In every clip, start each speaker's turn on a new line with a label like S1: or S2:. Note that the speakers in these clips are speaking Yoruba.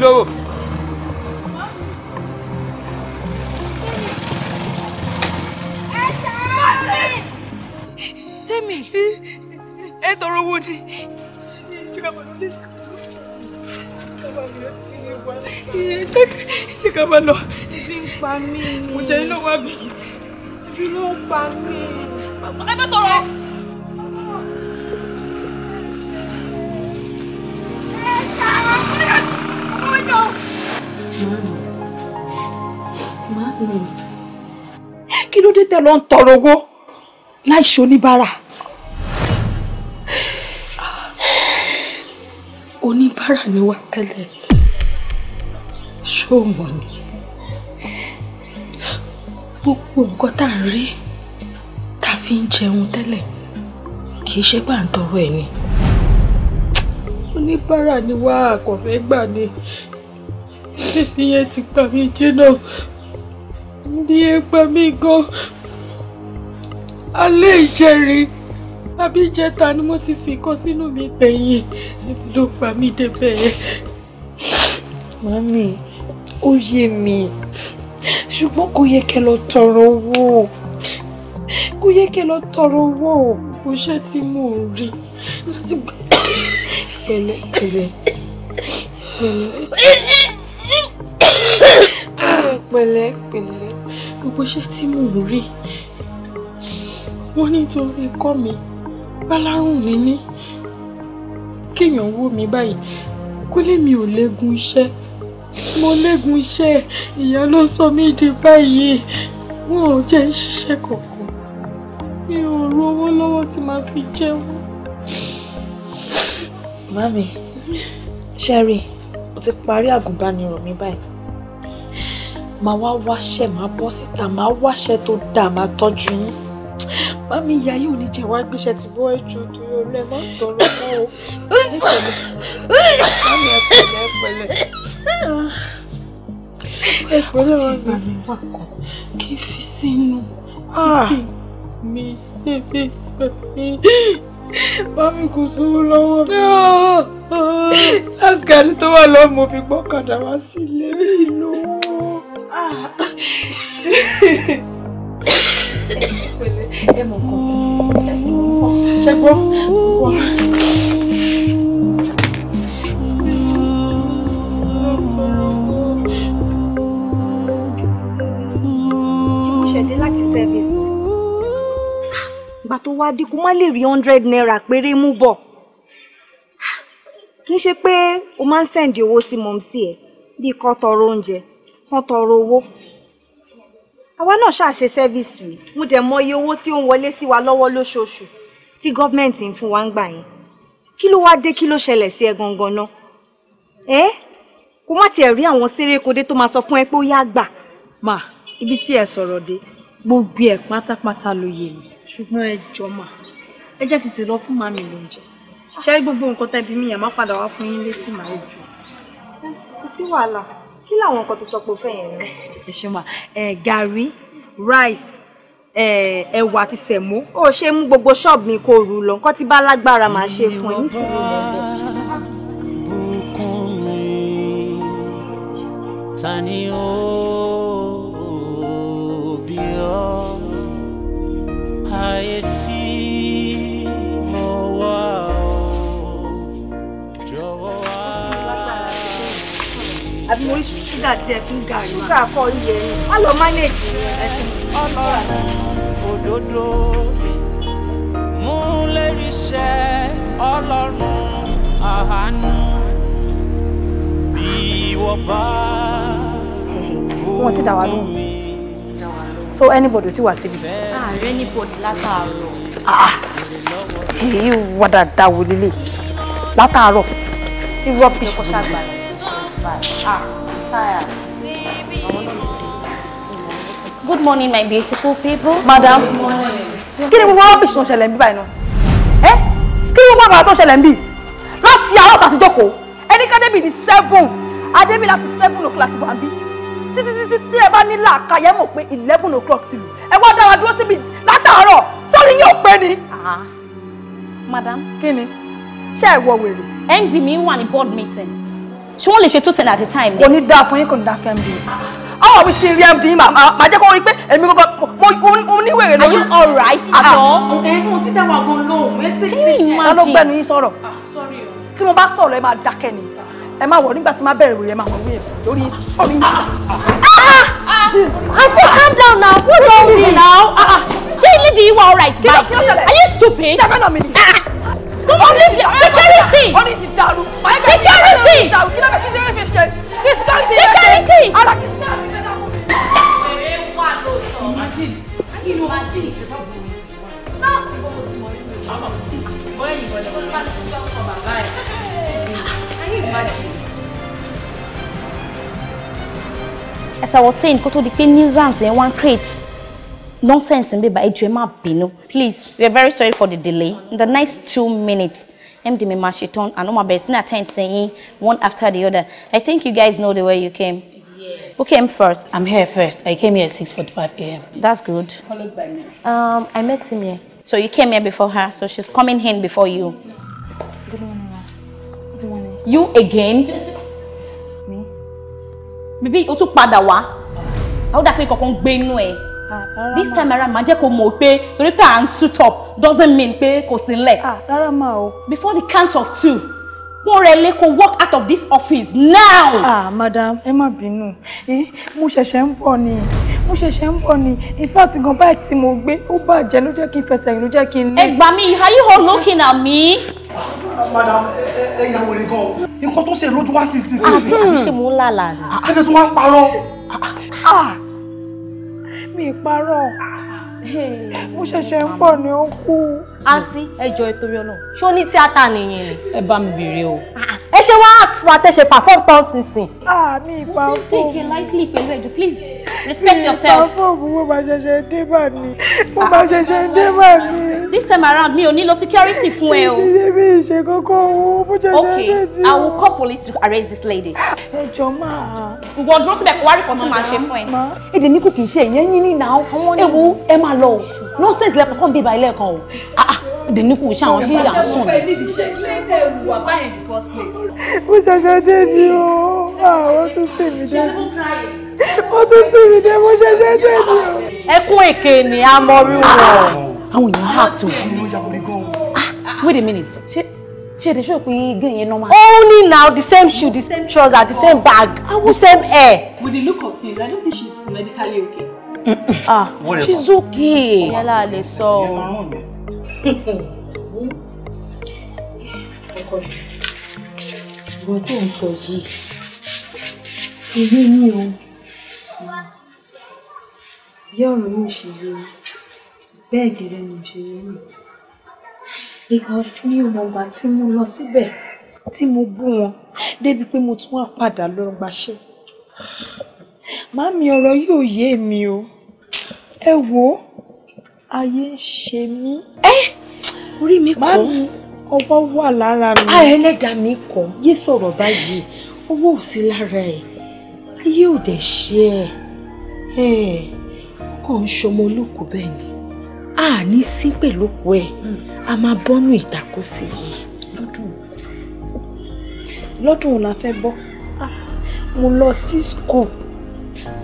S1: 성가고
S2: tọrọ owó láì ṣe oníbàárà oníbàárà ni wá tẹ́lẹ̀ ṣóòmù ni gbogbo nǹkan tá à ń rí tá a fi ń jẹun tẹ́lẹ̀ kì í ṣe pà ń tọrọ ẹ̀ ni oníbàárà ni wá àkọ́fẹ́ gbà ni ibi yẹn ti pa mí jẹ́ náà ibi yẹn pa mí gan-an alẹ́ ìjẹrin àbí ìjẹta ni mo ti fi nǹkan sínú mi gbẹ̀yìn ebi ló pa mí débẹ̀ yẹn. mami ó yé mi ṣùgbọ́n kò yẹ kẹ́ lọ tọrọ owó kò yẹ kẹ́ lọ tọrọ owó mo ṣe tí mò rí láti gbà pẹ̀lẹ́pẹ̀lẹ́ pẹ̀lẹ́pẹ̀lẹ́ pẹ̀lẹ́pẹ̀lẹ́ gbogbo iṣẹ́ tí mò ń rí wọ́n nítorí ikọ́ mi bálárùn mi ní kéèyàn wò mí báyìí kó lè mi ò légun iṣẹ́ mo légun iṣẹ́ ìyá ló sọ mí di báyìí wọn ò jẹ́ ń ṣiṣẹ́ kankan mi ò rówó lọ́wọ́ tí màá fi jẹun. mami sherry mo ti parí àgùnbánirọ̀ mi báyìí màá wá wáṣẹ́ màá bọ́ síta màá wáṣẹ́ tó dáa màá tọ́jú yín mami ìyá yìí ò ní jẹ́ wá gbéṣẹ́ ti bọ́ ẹ̀jọ̀ torí ọlẹ́ má tọrọ mọ́ o ẹ̀pẹ̀lẹ́ mami ẹ̀pẹ̀lẹ́ ẹ̀pẹ̀lẹ́ ah, ẹ̀pẹ̀lẹ́ wọn gbà mí wà kọ́ kí n fi sínú ah. mi mami kò sówó lọ́wọ́ mi ah, asgari tó wà lọ́wọ́ mo fi gbọ́kàdà wá sílé mi lówó pẹ̀lẹ́ ẹ mọ̀ nǹkan ẹ mọ̀ nǹkan ṣe gbọ́ wà. ṣẹ̀dé láti service. ìgbà tó wá dínkù má lè rí hundred naira péré mú bọ̀ kì í ṣe pé o máa ń sẹ̀ǹdì owó sí mọ̀mísí ẹ̀ bíi kan tọrọ oúnjẹ kan tọrọ owó àwa náà ṣàṣe sẹ́fíìsì rí mo dẹ̀ mọ iye owó tí ó ń wọlé sí wa lọ́wọ́ lóṣooṣù tí gọ́ọ̀mẹ̀ntì ń fún wa ń gbà yẹn kí ló wá dé kí ló ṣẹlẹ̀ sí ẹ gangan náà ẹ kó má tiẹ̀ rí àwọn sérékodé tó máa sọ fún ẹ pé ó yá gbà. mà ibi tí ẹ sọ̀rọ̀ dé gbogbo ẹ̀ pátápátá ló yé mi ṣùgbọ́n ẹ jọ mà ẹ jẹ́ kí lọ fún màmí lóúnjẹ ṣé gbogbo nǹkan tẹ́bi mi yẹn má padà wá fún yín lé sí màá jù.
S3: kò sí wàhálà kí làwọn nǹkan tó sọ pé o fẹ́ yẹn ni. ẹ ṣe
S2: mà gàrí rice ẹ̀wà àti sẹ̀mó. ó ṣe mú gbogbo ṣọ́ọ̀bù mi kó rú lọ nǹkan tí bá lágbára máa ṣe fún ẹ nísìnyí
S4: ta ni ó bí ọ ayé tí.
S2: àbí mo rí ṣúgà tí ẹ fi ń gàrí wa. ṣúgà kọ iye ni má lọ mánéèjì ẹ ṣe ọ̀nà
S4: òdodo
S1: mú lérí ṣẹ ọlọ́run àánú
S2: bí wọ́n bá wọn ti dà wá lóhùn so anybody ti wà síbi. ààrẹ ah, anybody látàárọ̀. èyí ah, wà dáadáa wò lélẹ̀ látàárọ̀ irú ọ̀pìṣù. Good morning, my beautiful people. Madam. Good
S4: morning.
S2: Kí ni gbogbo rubbish tó ń ṣẹlẹ̀ ń bí báyìí náà? Ẹ́ kí ni gbogbo àbàrà tó ń ṣẹlẹ̀ ń bí? Láti àárọ̀ àti àtijọ́kọ̀, ẹni ká débi ní seven, seven o'clock àti bàbí. Títí títí tí ẹ bá eleven o'clock ti lù. Ẹ wá dára dúró síbi látàárọ̀, sórí yóò pé ni. Ah. Madam. Kí ni? Ṣé ẹ wọ wèrè? MD mi wà ní board meeting ṣé wọ́n lè ṣe two ten at a time ni. ní dáa fún yín kò ní dáa fún md àwọn mi ṣe rí md yín màá jẹ́ kó rí pé èmi gbogbo mo níwèrè lórí. are you alright at all. Ah. ẹ fún ti dáwà gan lóhùn ẹ ṣe. ta ló gbẹnu yín sọ̀rọ̀ ah, tí mo bá sọ̀rọ̀ ẹ máa dákẹ́ ni ẹ máa wọ̀ nígbà tí máa bẹ̀rẹ̀ wèrè máa wọ̀ wíyẹn lórí orí. Ah, aunty calm down now what's wrong with you now. ṣé ilé di ìwà alright bye are you stupid
S4: security orí ti
S2: dàrú security kí ló
S4: fẹ́ kí ló fẹ́ ṣe this bank ti rẹ̀ ṣe ara kì í ṣe náà nílẹ̀ náà.
S2: èrè wà lóòótọ́. imagine kí ló máa dín ìṣẹ́fà bù mí. náà kò
S4: gbọ́dọ̀ tí mo rí mi. bóyá ìbọn ni mo bá ti gbọ́ ọkọ̀ bàbá ẹ̀. ayé
S2: imagine. as I was saying kó tó di pé nuisance yẹn wan create nonsense n beba edu ẹ má bínú. please we are very sorry for the delay in the next two minutes md mi ma ṣetán àná ma bẹ̀rẹ̀ sí ní attend sẹ́yìn one after the other i think you guys know the way you came. Yes. Who came first? I'm here first. I came here at 6.45 a.m. That's good. Followed by me. Um, I met him here. So you came here before her, so she's coming in before you. Good morning, ma. Good morning. You again? Me? Bíbí, o tún padà wá. Àwọn dàpé kankan gbé inú ẹ̀.
S4: Ah, this time
S2: around máa jẹ́ kó mọ̀ pé torí pé à ń suit up doesn't mean pé kò sí nlẹ̀. Ah, rárá máa o. before the count of two Pọ́nrẹ́lé kó work out of this office now. ah madam ẹ má bínú mo ṣẹ̀ṣẹ̀ ń bọ̀ ni mo ṣẹ̀ṣẹ̀ ń bọ̀ ni in fact gan báyìí tí mo gbé ó bàjẹ́ ló jẹ́ kí n fẹsẹ̀ rìn ló jẹ́ kí n lé. ẹ gbà are you all looking at me. madam ẹ ẹ yàwó rẹ gan o nǹkan tó ṣe lójú wá sí sí sí. Ah, àbí àbí ṣe mò ń lálàá ni. àbí ṣe tó ń parọ́ mi ì mo ṣẹ̀ṣẹ̀ ń pọ̀ ní òkú. àǹtí ẹjọ́ ìtorí ọlọ́run ṣé ó ní tíátà nìyẹn ni. ẹ bá mi bèrè o. Ah, ah. ẹ ṣe wá àti fún àtẹ̀ṣe perform tán sísìn. àmì ìpàfọ́ mo ti take a lightly pẹ̀lú ẹ̀jú please respect yourself. mi ìpàfọ́ mo máa ṣẹ̀ṣẹ̀ dé bà ní mo ah, máa ṣẹ̀ṣẹ̀ dé bà ní. this time around mi ò ní lọ security fún ẹ o. ìṣe mi ìṣe kókó owó mo ṣẹ̀ṣẹ̀ dé jù. okay I will call police to arrest this lady. ẹ jọ máa. ìwọ dúró síbẹ̀ kó wá rí kan tó máa ṣe fún ẹ. èdè ní kò kì í ṣe ìyẹn yín ní ìnáwó. àwọn ni ewu ẹ má máa lọ o nonsense lẹ́kọ̀ọ́ kan bíbá ilé kan o ah, ah, dèní kò ṣe àwọn fílà ń sùn. mo ṣẹ̀ṣẹ̀ dé ni o àwọn tún sì mí dé wọ́n tún sì mí dé mo ṣẹ̀ṣẹ̀ dé ni o. ẹkún èké ni a mọ rí wọn. Ah, àwọn èèyàn hà tó. wait a minute ṣé ṣe èdè ṣòpin gẹ̀ yẹn normal. only now the same shoe the same trouser the same bag the same hair. with the look of things i don't think she's medically okay. Ah, ah she's okay. ìyẹn là lè Because o. ìwọ tó ń sọ yìí èyí ni o bí ọ̀rọ̀ yóò ṣe yé bẹ́ẹ̀ gẹ́gẹ́ ni ò ṣe yé mi because mi ò mọ̀gbà tí mo lọ síbẹ̀ tí mo bú wọn débi pé mo tún wá padà lọ́gbàṣẹ́ màámi ọ̀rọ̀ yóò yé mi o ẹ wo ayé ń ṣe mí. ẹ orí mi kọ́ mami ọwọ́ wà lára mi. ayé ẹlẹ́dàá mi kọ́ yé sọ̀rọ̀ báyìí ọwọ́ ò sí lára ẹ̀ ayé ò dẹ̀ ṣe ẹ̀ ẹ̀ kàn ń ṣọmọ olókùú bẹ́ẹ̀ ni a ní sí pẹ̀lú òkú ẹ̀ a máa bọ́nú ìtàkùsí yìí. lọ́dún lọ́dún la fẹ́ bọ́ ah, mo lọ sí school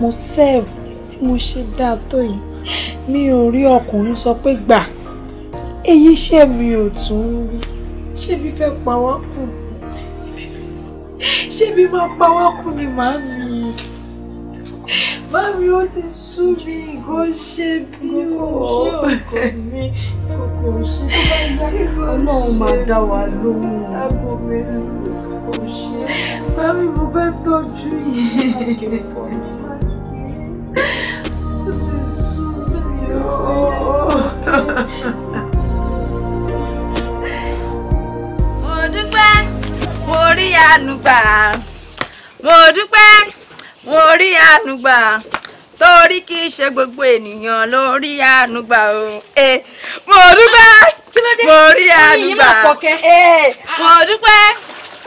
S2: mo serve tí mo ṣe dáa tó yìí mi ò rí ọkùnrin sọ pé gbà èyí ṣe mi ò tún rí ṣé fẹ́ pa wá kù ṣé bí máa pa wá kù ni màá mi màá ó ti sú mi kò ṣe bí o kò ṣe kò ṣe tó bá Ọlọ́run máa dá wa lóhùn lágbo mẹ́rin kò ṣe màá mo fẹ́ tọ́jú yìí.
S4: mo dúpẹ́ mo rí àánú gbà mo dúpẹ́ mo rí àánú gbà torí kì í ṣe gbogbo ènìyàn ló rí àánú o mo dúpẹ́ mo rí àánú mo dúpẹ́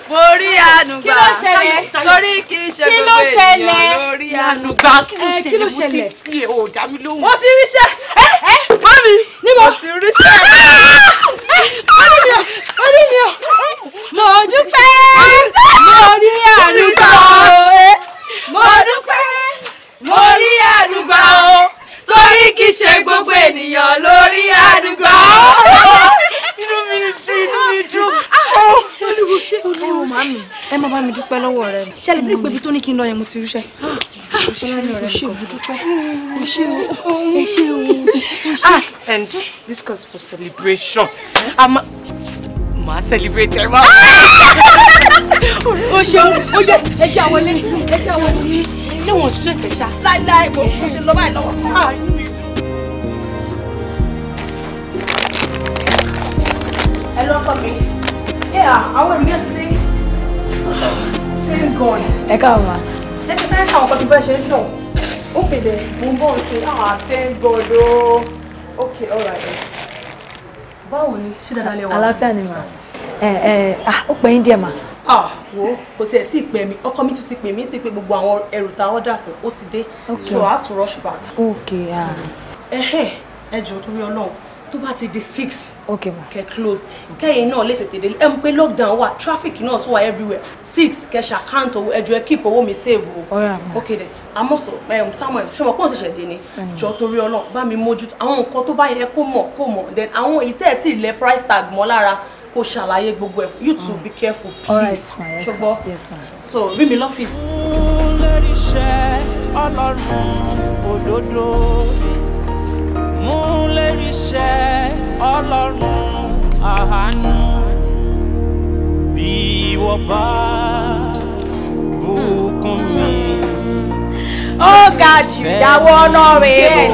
S4: mo rí
S2: ànúgbà kí ló ṣẹlẹ̀ torí kì í ṣe gbogbo ènìyàn ló rí ànúgbà kí ló eh, ṣẹlẹ̀ mo ti kí ẹ ò lóhùn. mo ti ríṣẹ́ eh, eh, mami mo ti ríṣẹ́. orí ah! mi ò mo dúpẹ́
S4: mo rí ànúgbà o mo dúpẹ́ mo rí ànúgbà o torí kì í ṣe gbogbo ènìyàn ló ànúgbà o.
S2: inú mi dùn inú mi dùn olúwo ṣé olúwo máa mi ẹ má bá mi dúpẹ́ lọ́wọ́ rẹ ṣe lè bí ìpèbí tó ní kí n lọ yẹn mo ti ríṣẹ́ ah, ah, o ṣe o dúpẹ́ o ṣe o ẹ ṣe o ẹ ṣe. Ah, and this calls for celebration. màá celebrate ẹ eh, máa. o ṣeun o yẹ ẹ jẹ́ àwọn ilé ẹ jẹ́ àwọn ilé ṣé wọn stress ẹ ṣá. láíláí mo ṣe lọ báyìí lọ́wọ́. Hello, Pamela. Yeah, I ènìyàn ti dé. Thank God. Ẹ káàmà. Ẹ ti fẹ́ kàwọn kan ti bá the ń show. Ó fèdè mú bọ́ ṣe ah thank God oh. Okay, all right. Báwo ni ṣé dáadáa lè wà? Àlàáfíà ni màá ẹ ẹ ah ó pẹ́ yín díẹ̀ mà. ah wo kò tiẹ̀ sí ìpè mi ọkọ mi tún ti pè mí sí pé gbogbo àwọn ẹrù tá a order fún ó ti dé so I have to rush back. ok ah. ẹ jọ̀ọ́ torí Ọlọ́run tó bá ti di six. ok ma kẹ close kẹyìn náà lè tètè délé ẹ mọ̀ pé lockdown wà traffic náà tún wà everywhere six kẹ ṣàkáǹt owó ẹjọ ẹ keep owó mi save o. ọ̀rẹ́ ok then amoso um, samuel ṣọmọ pọ̀ ṣẹ̀ṣẹ̀ dé ni jọ torí ọlọ́run bá mi mójútó àwọn nǹkan tó bá yẹ kó mọ̀ kó mọ̀ then àwọn ìtẹ́ ẹ̀ tí ilẹ̀ price tag mọ́ lára kó ṣàlàyé gbogbo ẹ̀ you too be careful please ṣùgbọ́n so rí mi lọ́fíìsì.
S1: lórí iṣẹ́ ọlọ́run òdodo mú ọlọ́run àánú bí ìwọ bá bùkún mi.
S2: ó ga ṣùdáwọ́ ọlọ́run èèyàn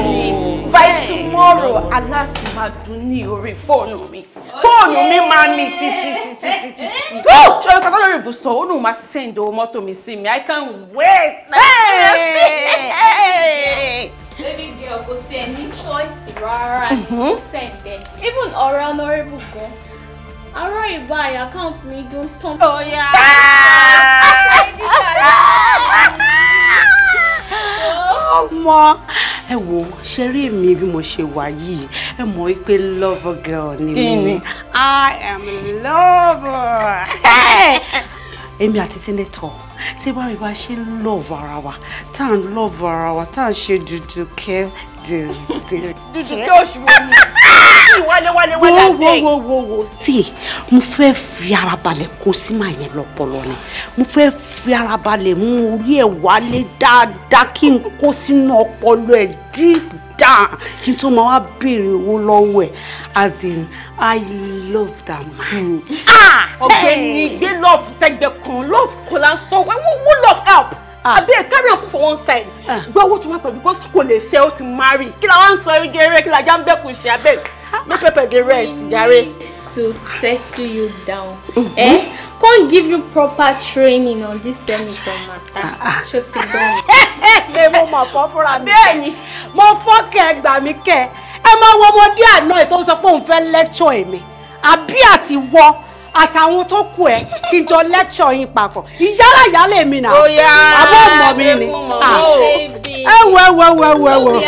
S2: by tomorrow aláàtì máa dún ní orí fóònù mi fóònù mi máa ní títí títí títí títí ṣé o kọ́kọ́ lórí ibùsọ̀ ó nù máa send mọ́tò mi sí mi I can't wait. Hey! Hey! Hey! baby girl go see any choice rárá mhm. ní them? even ọ̀rẹ́ go. gan arọ́ ìbá account mi dún tán. ọ̀yà oh, ọmọ oh, ẹ wo ṣe rí èmi bí mo ṣe wà yìí ẹ mọ̀ pé love girl ni mi ni I am lover. èmi àti sẹ́nẹ́tọ̀ tí bá rí bá ṣe ń lọ́ọ̀vù ara wa tá à ń lọ́ọ̀vù ara wa tá à ń ṣe dùdùkẹ́ dìrìndìrì. dùdùkẹ́ oṣù wo ni wálé wálé wálé àgbẹ̀. wo wo wo wo sí mo fẹ́ fi ara balẹ̀ kó sí màá yẹn lọ́pọlọ ni mo fẹ́ fi ara balẹ̀ mú orí ẹ̀ wálé dáadáa kí n kó sínú ọpọlọ ẹ̀ díìpù down kí n tó máa wá béèrè owó lọ́wọ́ ẹ̀ as in i love that man. Hmm. Ah! Ah, ọ̀gbẹ́ni gbé love sẹ́gbẹ̀ kan love kò la sọ wọ́n love help ah. àbí ẹ carry up for one side gbọ́ owó tó máa pẹ̀ because kò lè fẹ́ ó ti marry kí la wá ń sọ eré eré kí la já ń bẹ́ kò ṣe abẹ́ no pepper dey rest jàre. to settle you down. Mm -hmm. eh? can't give you proper training on this senator matter ṣó ti gbọ́ mi. pé mo mọ̀ fọ́ fúnra mi. bẹ́ẹ̀ni mo fọ́ kẹ́ ẹ gbà mí kẹ́ ẹ máa wọ ọmọdé àná ẹ̀ tó ń sọ pé òun fẹ́ lecture èmi àbí àti wọ́ àtàwọn tó kù ẹ kí n jọ lecture yín papọ̀ ìyára ìyálé mi nà àbọ̀ mọ̀ mi ni ah. ẹ wọ ẹ wọ ẹ wọ ẹ wọ ẹ wọ.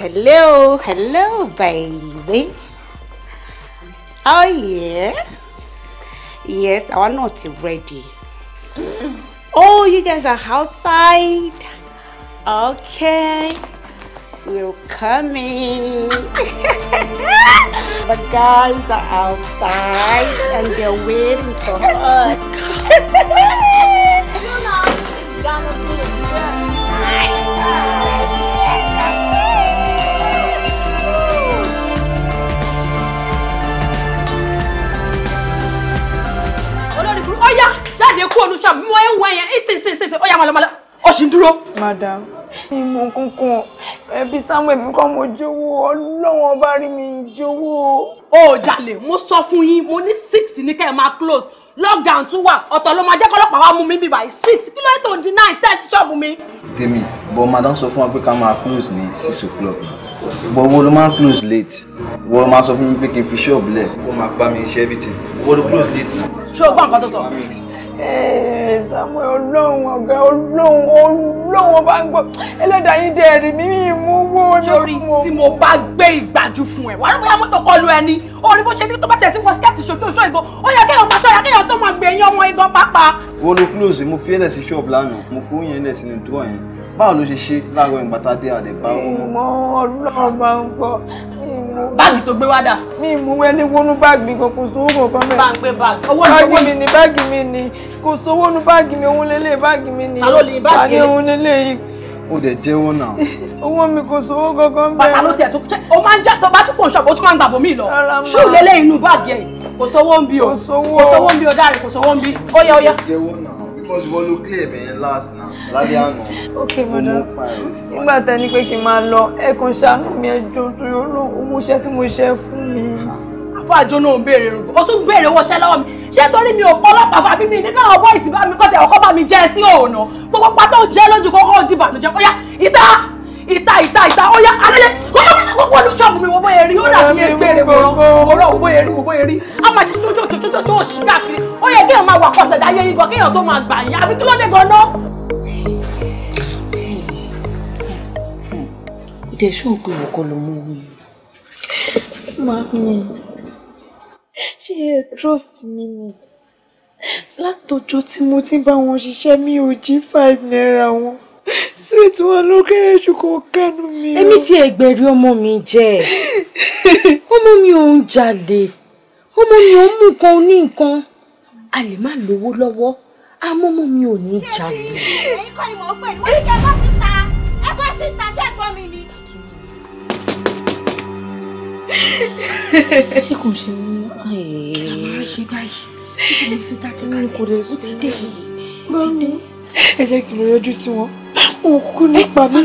S2: Hello, hello, baby. Oh yes. Yes, our not ready. Oh, you guys are outside. Okay. We're coming. the guys are outside and they're waiting for us. jáde kúrò ní ṣọ́ọ̀bù mo ń wọ ẹ̀yẹn ìsinsìnyí ó yá máa lọ máa lọ ó sì ń dúró. madam ìmọ̀ kankan ẹbí samuel mi kọ́ mo jówó ọlọ́wọ́n ọba rí mi jówó. ó jalè mo sọ fún yín mo ní six ní kẹ́ ẹ close lockdown tún wà ọ̀tọ̀ ló máa jẹ́ kọ́lọ́pàá wa mú mi bíbá yìí six kí ló tó di nine ten sí ṣọ́ọ̀bù mi.
S5: tèmi bọ madam sọ fún wa pé ká máa close ní six o'clock bọ wo ló máa close late wo ló máa sọ fún mi pé kí n fi ṣọ́ọ̀bù lẹ̀ wọ́n máa pa mi iṣẹ́ everything wo ló close late.
S2: ṣé o gbọ́ nǹkan tó Samuel ọlọ́run ọ̀gá ọlọ́run ọlọ́run ọba ń gbọ́ ẹlẹ́dàá yín dẹ̀ rí mi mú owó mi. sori tí mo bá gbé ìgbàjú fún ẹ wà á bóyá mọ́tò kọlu ẹni orí bó ṣe ní tó bá tẹ̀ sí wọ skẹ́ẹ̀tì ṣojú oṣù ìbò ó yẹ kéèyàn máa ṣọ́ra kéèyàn tó máa gbé ẹyin ọmọ igan pápá.
S5: wọ́n ló close mo fi ẹ̀lẹ̀ sí ṣọ́ọ̀bù lánàá mo fún yẹn lẹ̀ sínú dúrọ̀ yẹn báwo ló ṣe ṣe láàárọ̀ ìgbà tá a dé àlè bá ọmọ. ìmọ̀
S2: ọlọ́run bá ń kọ́ ìmú. báàgì tó gbé wá dà. mi ìmú ẹni wọnú báàgì kan kò sówó kankan mẹ́rin. bá ń pè báàgì. owó ni owó mi ni báàgì mi ni kò sówó nu báàgì mi òun lélẹ̀ báàgì mi ni. ta ló lè báàgì rẹ. ta ni òun lélẹ̀ yìí. o dẹ̀ jẹ́wọ́ náà. owó mi kò sówó kankan mẹ́rin. bàtà ló tiẹ̀ tó ṣe o máa ń jẹ́ tó bá tún kò ń ṣọ̀bù ó tún máa ń gbàgbọ́ mi lọ. ṣù lélẹ̀ inú báàgì ẹ̀ kò sówó ń bí o kò sówó ń bí o dáre kò sówó ń bí ó yẹ ó yẹ. jẹ́wọ́ náà
S5: because wọ́n ló clear bẹ̀yẹn last na lálẹ́ àná. ok madam
S2: nígbà tá a ní pé kí n máa lọ ẹ kàn ṣàánú mi ẹjọ́ torí owó iṣẹ́ tí mo ṣe fún mi. àfáàjọ náà ń béèrè rògbò ó tún béèrè owó mi ṣé torí mi ò pọ́ ọlọ́pàá fàbí mi ní káwọn bọ́ìsì bá mi kọ́tẹ̀ ọkọ́ bá mi jẹ́ sí òòna gbogbo pátá ò jẹ́ lójú kọ́kọ́ ò dìbànújẹ́ ó yá ìta ìta ìta ìta ó yá wọ́n ní ṣọ́ọ̀bù mi wọ́n bóyá rí ó dàbí egbére wọ́n wọ́rọ̀ wọ́n bóyá rí wọ́n bóyá rí a máa ṣe ṣóṣóṣóṣóṣó òṣì káàkiri ó yẹ kéèyàn máa wà kọsẹ̀ dáyé yín gan kéèyàn tó máa gbà yín àbí kí ló dé gan náà. ìdè ṣóògùn ìwọ̀kọ ló mú mi. màmí ṣé ẹ trust mi ni látọjọ́ tí mo ti bá wọn ṣiṣẹ́ mi ò jí five naira wọn sweet wọn ló kéré jù kó kánú mi o. èmi tí ẹgbẹ̀rí ọmọ mi jẹ́ ọmọ mi ò ń jalè ọmọ mi ò ń mú nǹkan ní nǹkan a lè má lówó lọ́wọ́ àmọ́ ọmọ mi ò ní jalè. èyí kọ́ ni mò ń ẹ ṣe báyìí kí ló ń ṣe dájú. ó ti dé ó ti dé ẹ jẹ́ kí n lọ yọjú sí wọn wọn kú nípa mi.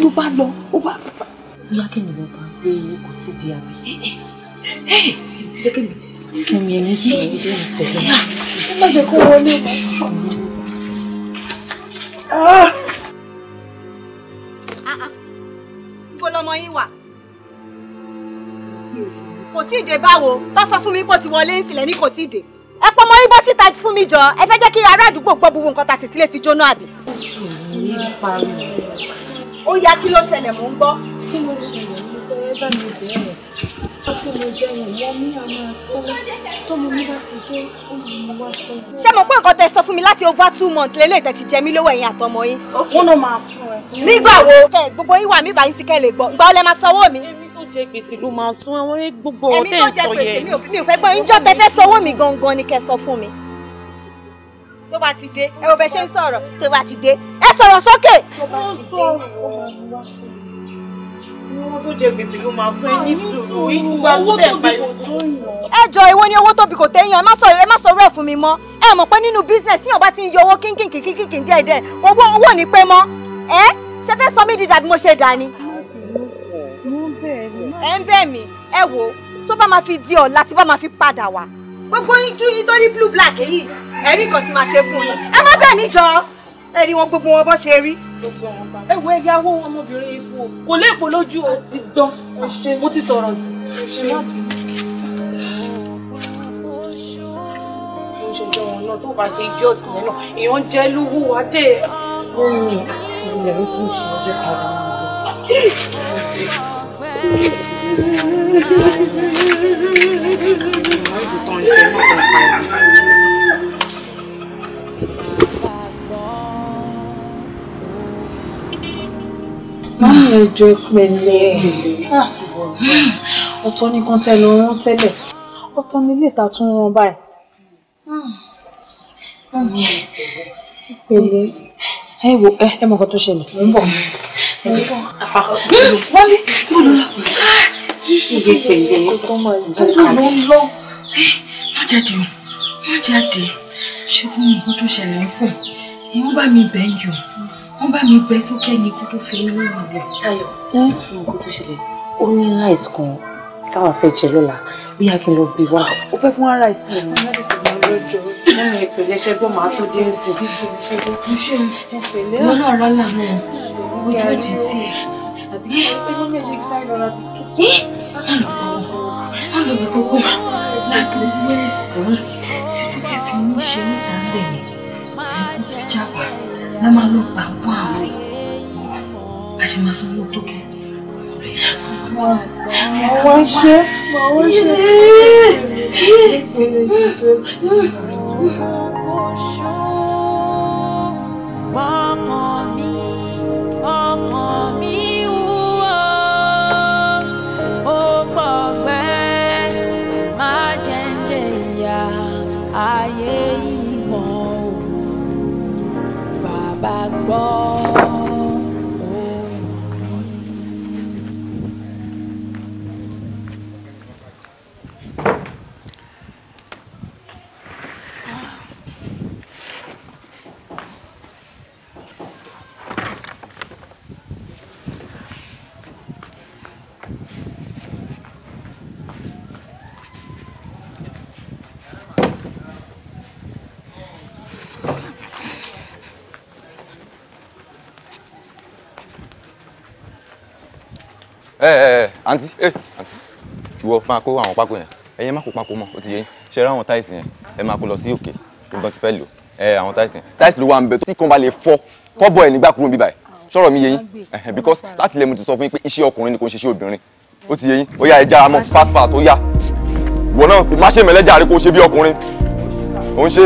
S2: ló ah, bá lọ ó bá fà. bóyá kí ni bàbá gbé kò tí di àbí. kí ni ẹni sọ ilé ìtẹ̀lẹ́. má jẹ́ kó wọlé. níbo ah! ah, lọmọ yín wà kò tí ì dé báwo tó sọ fún mi pé ó ti wọlé ń sílẹ̀ ní kò tí ì dé ẹ pọ mọ ibo síta fún mi jọ ẹ fẹ́ jẹ́ kí ará àdúgbò gbọ́ gbogbo nǹkan tá sì ti lè fi jóná àbí. ó yá kí ló ṣẹlẹ̀ mò ń gbọ́. kí ló ṣẹlẹ̀ mo fẹ́ bá mi bẹ̀rẹ̀ ó ti lè jẹun mọ́ mi a máa sọ tó mo ní láti dé ó lè mú wá fún mi. ṣé mo pé nǹkan tẹ sọ fún mi láti over two months lélẹ̀ tẹ ti jẹ mí lówó ẹ̀yìn àtọmọ yín. wọ́n lọ máa fún ẹ. nígbà wo gbogbo yín wà mí báyìí sí kẹ́ lè gbọ́ ǹgbà ó lẹ máa sanwó mi jẹ gbèsè ló máa sún àwọn gbogbo ọtẹ ń sọ yẹn. èmi ò fẹ́ gbọ́ ìjọ tẹ fẹ́ sọ owó mi gangan ni kẹ́ sọ fún mi. tó bá ti dé ẹ wo bẹ ṣe ń sọ̀rọ̀ tó bá ti dé ẹ sọ̀rọ̀ sókè. tó bá ti dé owó tó jẹ gbèsè ló máa fún ẹ ní sùúrù ìgbà tó tẹ̀ báyìí tó yàn. ẹ jọ ìwọ ni owó tóbi kò téèyàn ẹ má sọ̀rọ̀ ẹ má sọ̀rọ̀ ẹ fún mi mọ́ ẹ mọ̀ pé nínú business yíyan bá ti ń yọ owó kínkìnkìnkìnkìn díẹ̀ díẹ̀ owó owó ní pé mọ́ ẹ ṣe fẹ́ sọ mí di dàbí mo ṣe dà ni ẹ̀ ń bẹ̀ mí ẹ wo tó bá máa fi di ọ̀la tí bá máa fi padà wá gbogbo ijú yín tó rí blue black yìí ẹ̀rí nǹkan tí máa ṣe fún yín ẹ má bẹ̀ níjọ ẹ rí wọn gbogbo wọn bọ́ ṣe rí. ẹ wo ẹyàwó ọmọbìnrin yìí kò léèpò lójú o ti dán mo ti sọ̀rọ̀ jù. ọ̀nà jẹ́ lówó wa dé. ó ní ìrẹ̀lẹ́ tó ń ṣe ọjọ́ ẹjọ́ ah, ìpẹ̀lẹ́ ọ̀tọ̀ nìkan tẹ̀lé wọn tẹ́lẹ̀ ọ̀tọ̀ nílé ìta tún wọn báyìí. ìpẹ̀lẹ́ ẹ wo ẹ mọ̀ nǹkan tó ṣẹlẹ̀ mò ń bọ̀. wọ́n ní mo lọ lọ iye tẹ̀lé gbogbo ló ń lọ. Eh, má jáde o má jáde ṣé kó mú nǹkan tó ṣẹlẹ̀ ń sìn wọ́n bá mi bẹ̀ ń yọ wọ́n bá mi bẹ̀ tó kẹ́ni ikú tó fi inú ìlú rẹ̀. Táyọ̀ nǹkan tó ṣẹlẹ̀ ó ní ráìsì kan táwa fẹ́ jẹ lọ́la a kí n lọ gbé wá. ó fẹ́ fún wa ráìsì kan ní ọjọ́ tó máa lọ́jọ́ nínú ìpìlẹ̀ ṣẹ́gbọ́n máa tó dé sí. mo ṣe mo náà rálà náà ojú ò ti tiẹ̀. àbí pé
S4: mọ́mí ẹ̀ lè sáré lọ ra bisikíìtì lálọ́ gbogbo ládùúgbò ẹ̀sán tí lókè fi ń ṣe níta ńlẹ̀ yẹn fẹ́ẹ́ fi já wa la máa lọ gbà wọ́n àwọn èèyàn bá ṣe máa sanwó tó kẹ́. Màwá ṣe màwá ṣe ìpele dídé. Ọkàn mi, ọkàn mi.
S5: ẹ ẹ àǹtí ẹ àǹtí ìwọ máa kó àwọn pákó yẹn ẹyẹ má kó pákó mọ́ ó ti yé yín ṣe ra àwọn táìsì yẹn ẹ máa kó lọ sí òkè gbọ́n ti fẹ́ lò ẹ àwọn táìsì yẹn táìsì ló wà ń bẹ tí kan bá lè fọ́ kọ́bọ̀ ẹ̀ nígbà kúrò ń ẹ̀ ṣọ́rọ̀ mi yé yín eh, because láti lè mo ti sọ fún yín pé iṣẹ́ ọkùnrin ni kò ń ṣiṣẹ́ obìnrin ó ti yé yín ó yá ẹ jára mọ́ fast fast ó yá ìwọ náà kò má ṣe mẹ́lẹ́jà rí kó ṣe bí ọkùnrin ó ń ṣe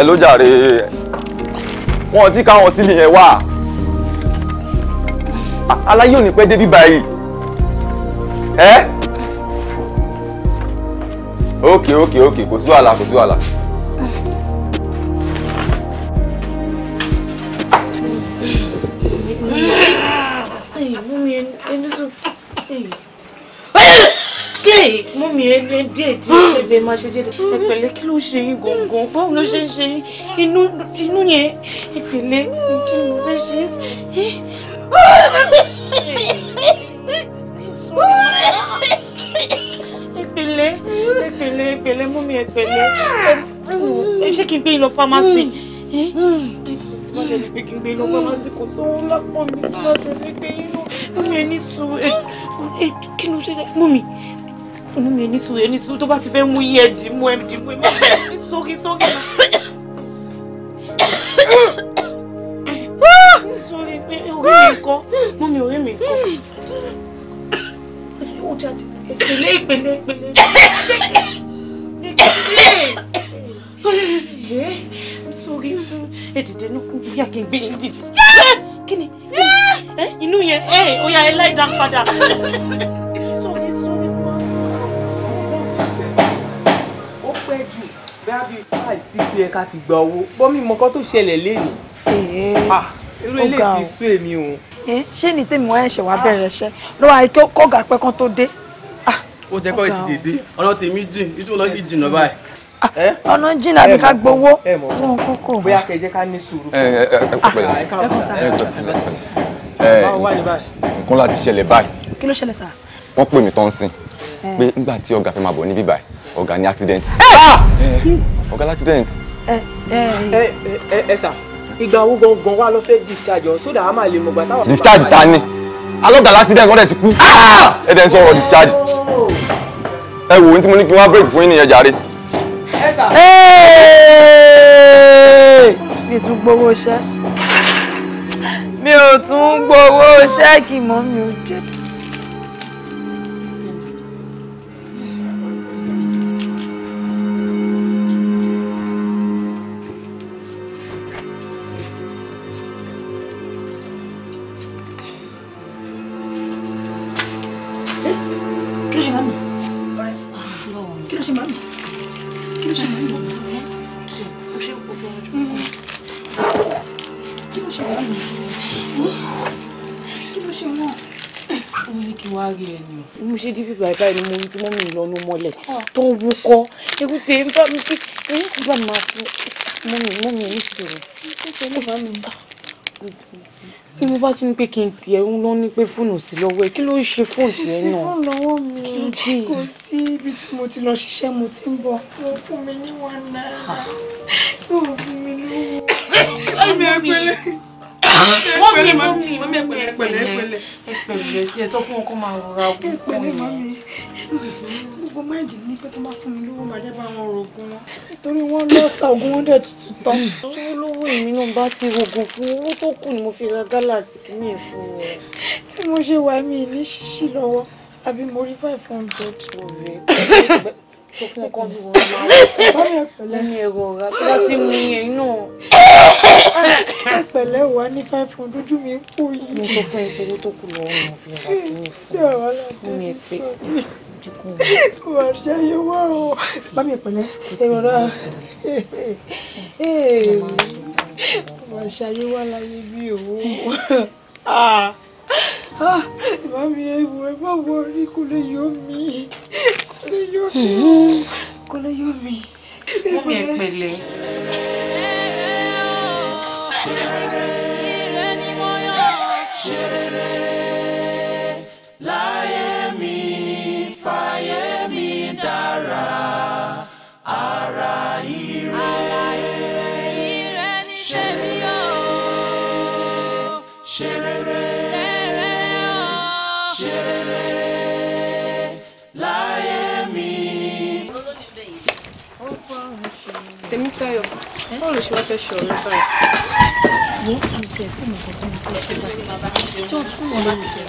S5: ẹ ló jàre wọn ti káwọn sílì yẹn wá aláyé ò ní pẹ́ débi báyìí ẹ́ ókè ókè ókè kò sí wàhálà kò sí wàhálà.
S2: mọ́mí ẹ lé díẹ̀ díẹ̀ ẹ̀jẹ̀ máa ṣe díẹ̀ ẹ pẹ̀lẹ́ kí ló ń ṣe yín gọ̀ǹgọ̀ báwo ló ṣe ń ṣe yín inú yẹn ẹ pẹ̀lẹ́ kí ló fẹ́ ṣe é ẹ̀pẹ̀lẹ́ ẹ̀pẹ̀lẹ́ ẹ̀pẹ̀lẹ́ mú mi ẹ̀pẹ̀lẹ́ ẹ ṣé kí n gbé yín lọ fámásì tí wọ́n jẹ́ ní pé kí n gbé yín lọ fámásì kò sówó lápò mi tí ẹni sùn ẹni sùn tó bá ti fẹ́ mú yín dì mú ẹ dì mú ẹ má sókè sókè. dá padà. ó pẹ́ jù bíi five
S5: six yẹ ká ti gba owó bọ́mí mọ́kọ́ tó ṣẹlẹ̀ lénìí. irú ilé ti sú èmi o.
S2: ṣé ní tèmi wọ́n ẹ̀ṣẹ̀ wá bẹ̀rẹ̀ ṣẹ́ lọ́wọ́ àìkó kọ́gà pẹ́ kan tó dé.
S5: ó jẹ́ kọ́ ìdìdè dé ọ̀nà tèmi jìn ìtumọ̀ lọ́ọ́ sì jìnnà
S2: báyìí ọ̀nà jìnnà àbí ká gbowó fún
S5: kókó. bóyá kẹjẹ ká ní sùúrù. ẹ ẹ ẹ ẹ ẹ ẹ ẹ ẹ ẹ ẹ
S3: nǹkan
S5: láti ṣẹlẹ̀ báyìí. kí ló ṣẹlẹ̀ sá. wọ́n pè mí tán sìn pé nígbà tí ọ̀gá fẹ́ máa bọ̀ níbí báyìí ọ̀gá ní accident. Ah! ọ̀gá l'accident. ẹ ẹ ẹ sà ìgbà wo gangan wa ló fẹ́ discharge ọ sódà a máa lè mọ̀gbà táwọn. discharge ta ni alọ́gà l'accident wọ́n dẹ̀ ti kú ah! Ah! ẹ dẹ̀ ń sọ̀rọ̀ discharge oh! ẹ wò ó tí mo ní kí wọ́n break fún yín nìyẹn jàre.
S4: ẹ sà.
S2: mi tún gbowó iṣẹ́ mi ò tún gbowó ṣẹ́ẹ̀kì mọ́ mi ò jẹ̀bi. bíbá ìbá ni mo rí tí mọ́mí mi lọ́nu mọ́lẹ̀ ah. tó ń wúkọ́ ewu ti ń bá mi pé ẹ̀yìn kò bá mi máa fún mọ́mí mọ́mí mi sọ̀rọ̀. ni ah. mo bá tún ní pé kí n tiẹ̀ ń lọ ní pé fóònù sí lọ́wọ́ ẹ kí ló ń ṣe fóònù tiẹ̀ náà. fóònù lọ́wọ́ mi kò sí ibi tí mo ti lọ ṣiṣẹ́ mo ti ń bọ̀ mo fún mi ní one naira yóò ah. fún mi lówó wọ́n mi mọ́ mi mọ́ mi ẹ̀pẹ̀lẹ̀ ẹ̀pẹ̀lẹ̀ ẹ̀pẹ̀lẹ̀ ẹ̀pẹ̀lẹ̀ kí ẹ sọ fún wọn rògùn wọn tán. owó lówó èmi bá ti rògùn fún owó tó kù ni mo fi ra gálà àti kíní ìfún rẹ. tí mo ṣe wà mí ní ṣíṣí lọ́wọ́ àbí mo rí five hundred fún ọkọ mi wọn máa pẹ̀lẹ́ ní ẹ̀rọ ọ̀rá tó bá ti mú yẹn náà. ẹ pẹ̀lẹ́ wà ní five hundred ojú mi kú yìí. mo sọ fún ẹ pé owó tó kù lọ́wọ́ mo fi ọ̀rá tó ní fún ẹ fún mi pé dínkù. wà á ṣe ayé wá o bá mi pẹ̀lẹ́ ẹ̀rọ náà wà á ṣe wá láyé bí òun. Mami ah, ẹ̀wù ẹ má wọrí kò lè yọ mí.
S1: Kò lè yọ mí. Mm-hmm.
S2: Kò lè yọ mí. Mami ẹ pẹ̀lẹ́.
S4: Ṣeré ni mo yọ̀. Ṣeré
S1: láyé.
S2: ló ṣe wá fẹ́ ṣe ọ̀rẹ́ báyìí. wo mi tiẹ̀ tí mo kọ́ tí mo fẹ́ ṣe báyìí ṣé wọ́n ti fún wọn lórí tiẹ̀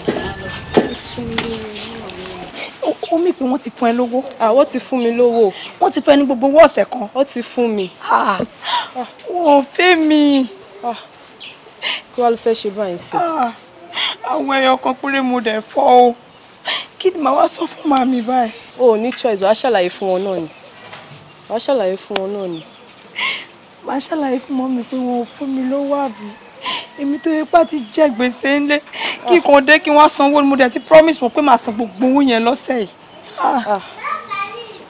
S2: ó mì pé wọ́n ti fún ẹ lówó. àwọn ti fún mi lówó. wọ́n ti fún ẹ ní gbogbo owó ọ̀sẹ̀ kan. ó ti fún mi. wọn fẹ́ mi. kí wàá ló fẹ́ ṣe báyìí sí. àwọn ẹyọ kan péré mo dẹ̀ fọ́ o kí ni màá wá sọ fún màmí báyìí. o ò ní choice wàá ṣàlàyé fún wọn náà ni wàá ṣàlàyé fún wọn náà ni màá ṣàlàyé fún mọ́mí pé wọn ò fún mi lówó àbí èmi tó yẹ pé àti gbèsè ńlẹ̀ kí nǹkan dé kí wọ́n sanwó ni mo dẹ̀ ti promise wọn pé màá san gbogbo owó yẹn lọ́sẹ̀ yìí. Ah. Ah.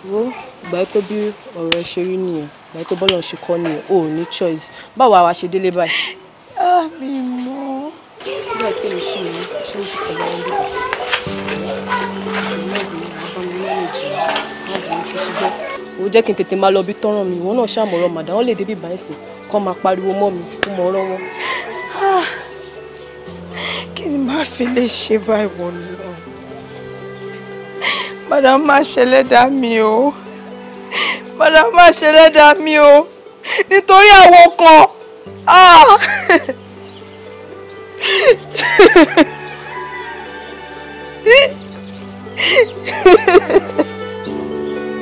S2: wo ìgbà pé bí ọ̀rọ̀ ẹ ṣe rí nìyẹn ìgbà pé bọ́lá ṣe kọ́ nìyẹn ò ní choice báwo àwa ṣe délé báyìí. Ah, mi mọ́ ó jẹ́ kí n tètè máa lọ bí tọ́ràn mi ìwọ náà ṣàmọ̀rọ̀ màdá wọn lè débi báyìí sí kọ́ máa pariwo mọ́ mi kó mọ̀ ọ́rọ́ wọn. Ah, kí ni màá fi lè ṣe báyìí wọ̀ lọ madam má ṣẹlẹ́dà mi o madam má ṣẹlẹ́dà mi o nítorí àwọn kan. Ah!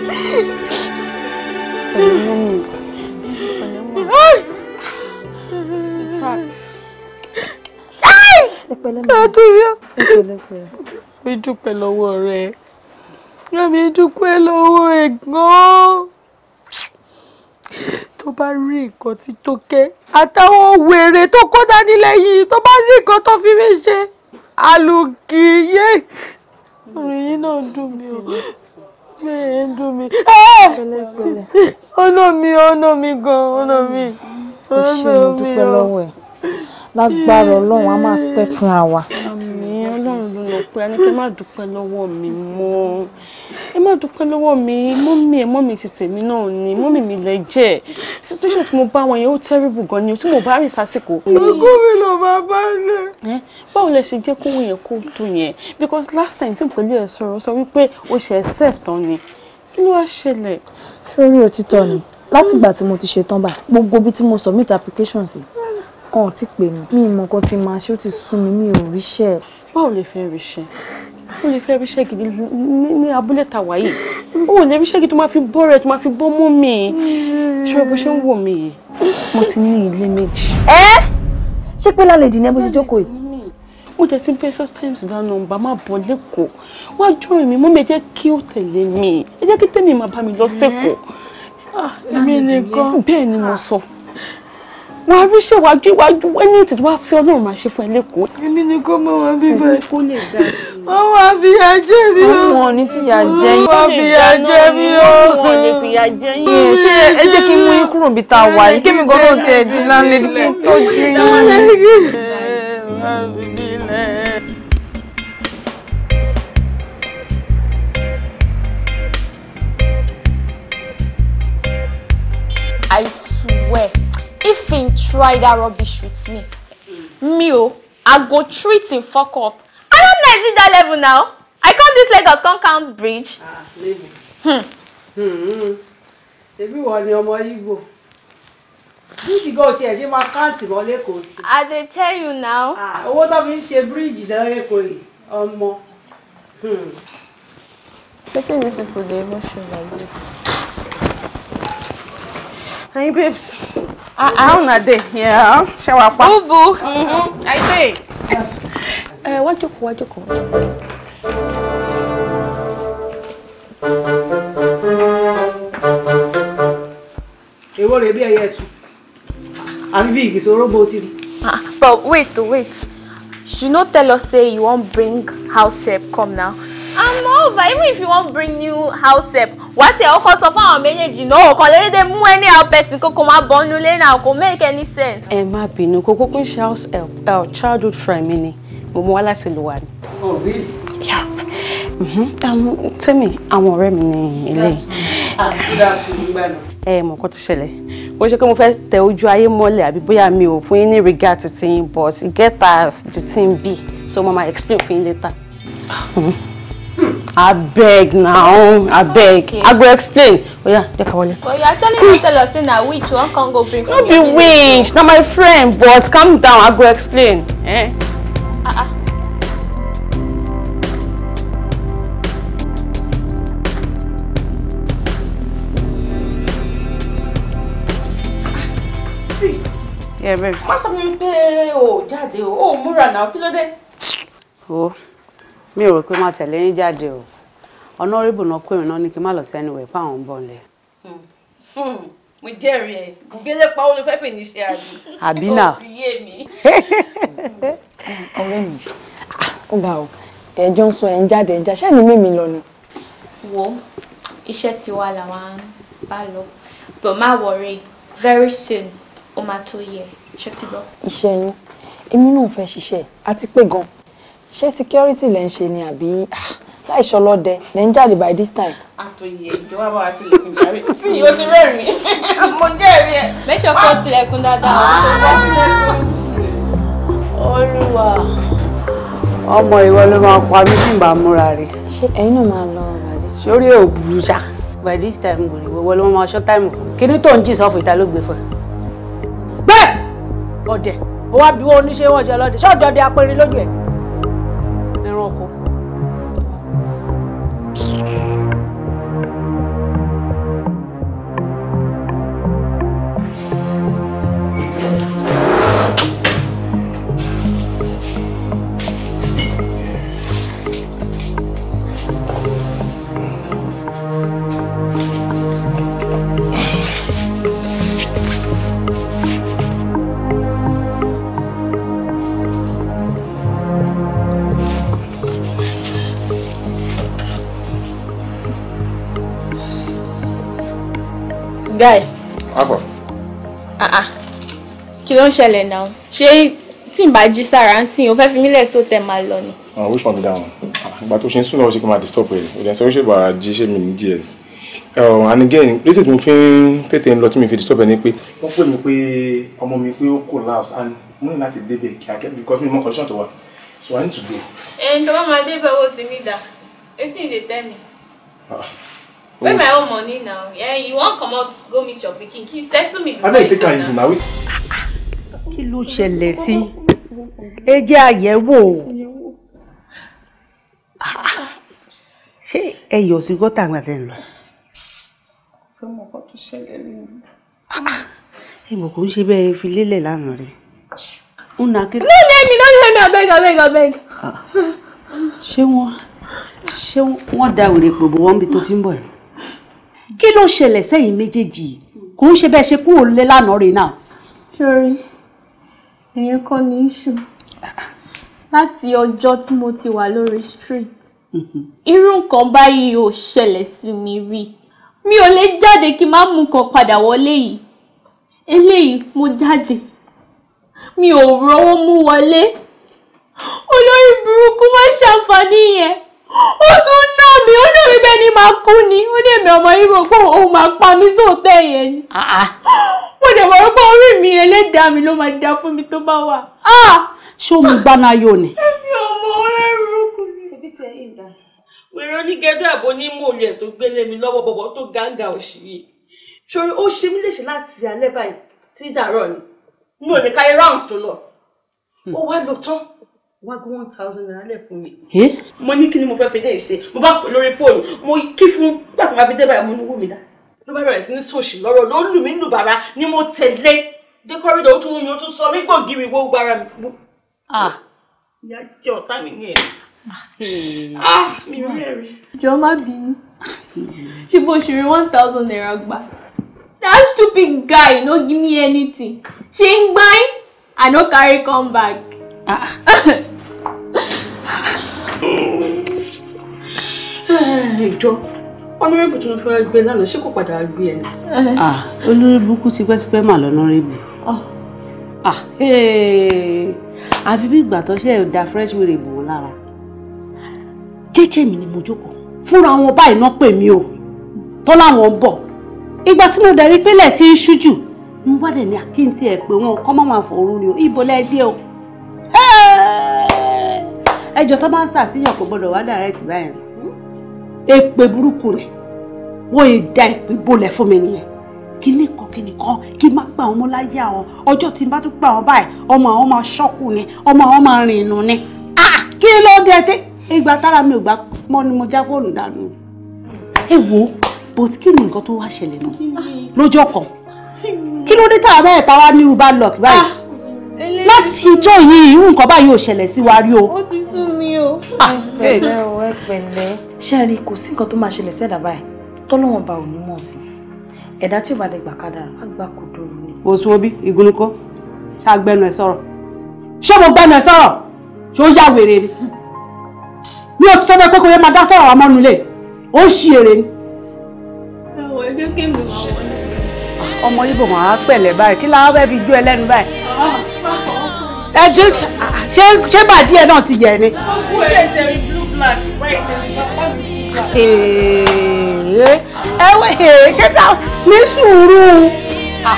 S4: pẹ̀lú mọ́mì pẹ̀lú mọ́mì
S2: in fact ìpẹ̀lẹ́ mọ́mì kàdúyà mi dúpẹ́ lọ́wọ́ rẹ mi dúpẹ́ lọ́wọ́ ẹ̀gbọ́n tó bá rí nǹkan tí tó kẹ́ àtàwọn wèrè tó kó dání lẹ́yìn tó bá rí nǹkan tó fi mí ṣe alùkìyé orin yìí náà dùn mí o bẹ́ẹ̀ ń dùn mí. pẹ̀lẹ́pẹ̀lẹ́. ọ̀nà mi ọ̀nà mi gan-an ọ̀nà mi. o ṣeun dúpẹ́ lágbára ọlọ́run a máa pẹ́ fúnra wa. àmín ọlọ́run ló lọ pé a ní kí ẹ má dúpẹ́ lọ́wọ́ mi mọ́ ẹ má dúpẹ́ lọ́wọ́ mi mọ́mí ẹ mọ́mí ti tèmi náà ni mọ́mí mi lẹ jẹ́ situation tí mo bá wọn yẹn ó terrible gan ni tí mo bá rìn sásìkò. lókù mi ló máa bá lẹ. báwo lẹ ṣe jẹ́ kówó yẹn kó tó yẹn because last time tí mo pẹ̀lú ẹ sọ̀rọ̀ sọ wípé o ṣe self tán ni kí ló wá ṣẹlẹ̀. sórí òtítọ́ ni látìgbà tí mo ti ṣetán báyìí gbogbo ibi tí mo submit application sí wọn ò ti pè mí mi ìmọ̀ kan ti máa ṣe o ti sún mi mi ò ríṣẹ́. báwo lè fẹ́ ríṣẹ́ ó lè fẹ́ ríṣẹ́ gidi ní abúlé tàwa yìí ó lè ríṣẹ́ gidi tó ma fi bọ́ rẹ̀ tó máa fi bọ́ mú mi ṣé bó ṣe ń wò mí yìí mo ti ní ilé méjì. ẹ ṣé pé lálejò ni ẹ bó ṣe jókòó yìí mo jẹ sí pesos times da number má bọ̀ lẹ́kọ̀ọ́ wá jọ̀ọ́ mi mú mi jẹ́ kí ó tẹ̀lé mi ẹ jẹ́ kí tèmi máa bá mi lọ sẹ́kọ̀ọ́ ah, èmi nìkan bẹ́ẹ̀ ni mo sọ wọn rí ṣèwájú iwájú ẹni ètò wá fi ọlọ́run máa ṣe fún ẹ lẹ́kọ̀ọ́. èmi ni kò mọ wọn bí bẹ́ẹ̀ wọn wá fìyà jẹ mí o wọn ní fìyà jẹ yín wọn fìyà jẹ mí o wọn ní fìyà jẹ yín. ṣé ẹ jẹ́ kí n mú yín kúrò bí tá wà yìí kémi gan-an tiẹ̀ di lálẹ́ kí n tọ́jú yín. I swear if him try that rubbish with me me o i go treat him fuck up i don nice reach that level now i come this Lagos come count bridge. ah maybe. Hmm. Hmm. ṣebí wọ ni ọmọ Igbo bíríìjì gan òsì ẹ̀ ṣe máa káǹtì mọ́ lẹ́kọ̀ọ́ sí. i dey tell you now. Ah, owó tó fi ń ṣe bíríìjì náà lẹ́kọ̀ọ́ yìí ọmọ. wetin hmm. dis people dey even show like this. Hey, babes. Ah, How na day? Yeah. Shower pa. Bubu. Mm-hmm. I say. Eh, wá jókòó, wá jókòó. Èwo rẹ̀ bí ẹyẹ tu. Àbí bí igi soro bo ti rí. Ah, but wait, wait. You no tell us say you won't bring house help come now and moreover even if you wan bring new house help wàá tiẹ̀ ọkọ sọ fún àwọn méjèèjì náà ọkọ lédè mú ẹni àwọn person kókó máa bọ́ nínú ilé náà kò make any sense. ẹ má bínú kókó kún ṣe house help uh, childhood friend mi ni mo mú wá láti lò wá ni. oh really. yeah. Mm-hmm. Um, tẹ́mi àwọn ọ̀rẹ́ mi ni eléyìí. Ah, ẹ mọ̀ kó tó ṣẹlẹ̀ bó ṣe pé mo fẹ́ tẹ ojú ayé mọ́lẹ̀ àbí bóyá mi ò fún yín ní regard titin but get as the thing be so mama explain fún yín later. Ah. Mm-hmm. I abeg na own abeg i go explain Oh yeah, take awole but oh, you are telling me ah! tell us say na witch one come go bring Not be witch Not my friend but calm down i go explain eh ah ah Yeah, baby. Má sọ fún mi pé o jáde o, o múra náà, kí mi ò rò pé má tẹ̀lé yín jáde o na náà pè mí náà ní kí n má lọ sẹ́nu ẹ̀ pé àwọn ń bọ̀ lẹ̀. Hmm. Hmm. mo jẹ́rìí ẹ̀ gbélé pa olùfẹ́fẹ́ ní ṣe àbí. àbí náà ó fi yé mi. ọ̀rẹ́ mi ó gbà ó ẹ̀jọ́ ń sọ ẹ̀ ń jáde ẹ̀já ṣáà ní mímí lọ ni. wo iṣẹ́ tiwa làwọn bá lọ but ma worry very soon ó máa tó yẹ ṣé ti gbọ́. iṣẹ́ yín èmi náà fẹ́ ṣiṣẹ́ àti pé gan ṣé security lẹ ń ṣe ni àbí ah, láì ṣọlọ́dẹ lẹ ń jáde by this time. àtòyè ìjọba bá wa sílẹ̀kùn jàre tí o ti rẹ́rìn mo jẹ́rìí ẹ̀. mẹ́sàn kó tilẹ̀kùn dáadáa ah! olúwa ọmọ ìwọ ló máa pa mí tí n bá múra rè. ṣé ẹ̀yin náà máa lọ bàdí. sórí ò burú ṣá by this time gòrè ìwọ ló máa ṣọ́ táìmù kíní tó ń jì sọ́ọ̀fù ìta ló gbé fún ẹ. bẹ́ẹ̀ ọ̀dẹ̀ ó wá bí wọ́n oníṣẹ́ wọ́n jẹ́ ọlọ́dẹ ṣọ́ọ̀jọ́ de apẹ̀rẹ̀ lójú ẹ̀. року. guy. afọ. ah ah kí ló ń ṣẹlẹ̀ náà ṣé tí n bá jí sára ń sìn o fẹ́ fi mílẹ̀ só tẹ̀ máa
S5: lọ ni. àwọn oṣù wọn mi dáhùn ìgbà tó ṣe ń sùn lọ́wọ́ ṣe kí n máa disturb ẹ̀ ìdí àti oríṣiríṣi ìbára jí ṣé mi níjì ẹ̀ um, and again reason tí mo fi ń tètè ń lọ tí mi fi disturb ẹ ni pé
S3: wọ́n pè mí pé ọmọ mi pé ó collapse and mo ní láti débẹ̀ kíákẹ́ because mi mọ condition tó wà so I need to go.
S2: ẹ̀ ń tọ́ máa débẹ̀ Where my own money now? Yeah, you won't come out go meet your pikin. Kin settle me before. Abeg take am easy na. Kí ló ṣẹlẹ̀ sí? Ẹ jẹ́ àyẹ̀wò. Ṣé ẹ yọ̀ sí gọ́tà àgbà tẹ̀ ń lọ? Fẹ́ mọ ọkọ tó ṣẹlẹ̀ ní. Ìmọ̀ kò ń ṣe bẹ́ẹ̀ fi lélẹ̀ lánàá rẹ̀. Una kí. No name me, no name me, abeg abeg abeg. Ah. Ṣé wọ́n ṣé wọ́n da òrèpò bọ̀ wọ́n bí tó ti ń bọ̀ yìí? kí ló ṣẹlẹ̀ sẹ́yìn méjèèjì kò ń ṣe bẹ́ẹ̀ ṣe kúrò lé lánàá rè náà. sori èèyàn kọ́ ní iṣu láti ọjọ́ tí mo ti wà lórí street mm-hmm. irú nǹkan báyìí ò ṣẹlẹ̀ sí mi rí mi ò lè jáde kí n má mú nǹkan padà wọlé yìí eléyìí mo jáde mi ò rówó mú wọlé olórí burúkú má ṣàǹfààní yẹn ó tún ná mi ó ná mi bẹ́ẹ̀ ni máa kú ni ó ní èmi ọmọ yìí mọ̀ pé òun máa pa mí sóòtẹ́ yẹn ni ah, ah. mo dẹ̀ mọ̀ pé orí mi ẹlẹ́dàá mi ló máa dá fún mi tó bá wà. Ah! ṣé o mú gbaná ayò ni. èmi ọmọ ọ̀rẹ́ rúkùn ni. ṣebí tẹ ẹ ìgbà. wẹ̀rẹ̀ onígẹ̀dọ̀ àbò ní mòlẹ̀ tó gbélé mi lọ́wọ́ bọ̀bọ̀ tó gángà òṣì yìí ṣorí ó ṣe mí léṣe láti alẹ́ báyìí tí dàrọ̀ ni mi ò ní káyé rounds tó lọ ó wá lọ tán wá gbé one thousand naira lẹ̀ fún mi. mo ní kí ni mo fẹ́ fi dé ìṣe mo bá pè lórí fóònù mo kí fún gbàgbọ́n abidé báyìí mo ní wù mí dá. ló bá bẹ̀rẹ̀ sí ní sòṣì lọ́rọ̀ ló lù mí lù bàrà ni mo tẹ̀lé dé kọ́rídọ̀ ó tún mú mi ó tún sọ mí gbòǹgìrì wo gbára mi. ìyá jẹ́ ọ̀tá mi ní ẹ̀. Ah. Ah, mi ò rẹ́rìn. jọ má bínú ṣé bó ṣe rí one thousand naira gbà that stupid guy no give me anything ṣe ń gbáyìn i no carry come back. Ah. ìjọ ọ̀nàrẹ́bù tó ń fẹ́ gbé lánàá ṣé kò padà gbé ẹ̀ ni. Ah, olórí burúkú tipẹ́tipẹ́ mà lọ́nàrẹ́bù. Ah. Ah, àfi bí ìgbà tó ṣe da fresh wèrè bò wọ́n lára jẹ́jẹ́ mi ni mo jókòó fúnra wọn báyìí náà pè mí o tó láwọn ń bọ̀ ìgbà tí mo darí pélé tí ń ṣú jù ń wádẹ̀ ní àkíntì ẹ̀ pé wọn kọ́ máa wà fòrú ni o ìbò lẹ́ẹ̀dẹ́ o ẹjọ́ tó bá ń ṣàṣìyàn kò gbọ́dọ̀ wá direct báyìí èpè burúkú rẹ̀ wọ́n yìí da èpè bolẹ̀ fún mi nìyẹn kí ní kan kí nìkan kí má pa àwọn ọmọ láyé àwọn ọjọ́ tí n bá tún pa àwọn báyìí ọmọ àwọn máa ṣọ́kù ni ọmọ àwọn máa rìn inú ni ah, kí ló dé tẹ ìgbà tára mi ò gbà mọ́ ni mo já fóònù dànù ẹ wo but kí ni nǹkan tó wá ṣẹlẹ̀ náà lọ́jọ́ kan kí ló dé tàbá ẹ̀ tá wá ní irú lọ́ọ̀kì báyìí. Ah, láti ìjọ́ yìí irú nǹkan báyìí ò ṣẹlẹ̀ sí wa rí o. ó ti sú mi o. Ah, ẹ̀pẹ̀lẹ́ o ẹ̀pẹ̀lẹ́. ṣé ẹ rí kò sí nǹkan tó máa ṣẹlẹ̀ sẹ́dá báyìí tọ́lọ́wọ́n ba ò ní mọ̀ sí ẹ̀dá tí ò bá lè gbà kádàrá á gbà kó dòrò ni. oṣù obi ìgúnnukọ ṣàgbẹnu ẹ sọ̀rọ̀ ṣé mo gbẹnu ẹ sọ̀rọ̀ ṣé ó yá wèrè ni mi ò ti sọ fẹ́ pé kò yẹ máa dá sọ̀rọ̀ àwọn ọmọnulẹ ó ń ṣí èrè ni. ẹwọ ẹgbẹ́ kémi máa wọlé. ọmọ báyìí kí láwọn fẹ́ fi jó ẹlẹ́nu báyìí. Ah ẹ ṣe ṣe ṣe bàdí ẹ náà ti yẹ ni. ẹ ṣe ta ní sùúrù ah,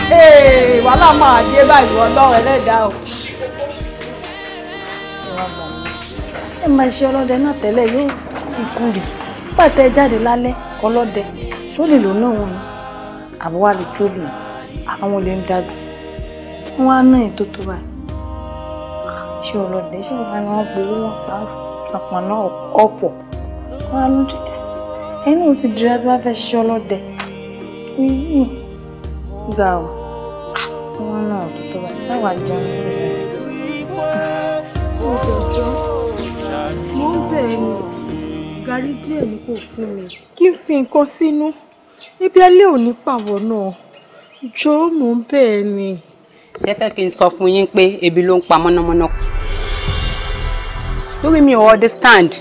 S2: wàhálà máa dé báyìí ọlọ́run ẹlẹ́dàá o. ẹ máa ṣe ọlọ́dẹ náà tẹ́lẹ̀ yóò ikú rè pàtẹ jáde lálẹ́ ọlọ́dẹ tó lè lò náà wọn àbúwá lè tó lè àwọn olè ń dàgbà wọn á ná ètò tó báyìí ṣé o lọ dé ṣé wọn fẹ́ wọn gbowó wọn pa àpọn náà ọ̀fọ̀ wọn á lọ dé ẹni ò ti dira bí wọn fẹ́ ṣiṣẹ́ ọlọ́dẹ wíìzì gbà ó wọn náà tó tó bá táwa jọ ní ilẹ̀ ah, ọjọ́ mo ń bẹ̀ ẹ́ nù gàrí díẹ̀ ni kò fún mi kí n fi nǹkan sínú ibi alẹ́ òní pàwọ̀ náà jọ́ mò ń bẹ̀ ẹ́ nì. ṣé fẹ́ kí n sọ fún yín pé ebi ló ń pa mọ̀nàmọ́ná kù lórí mi ò understand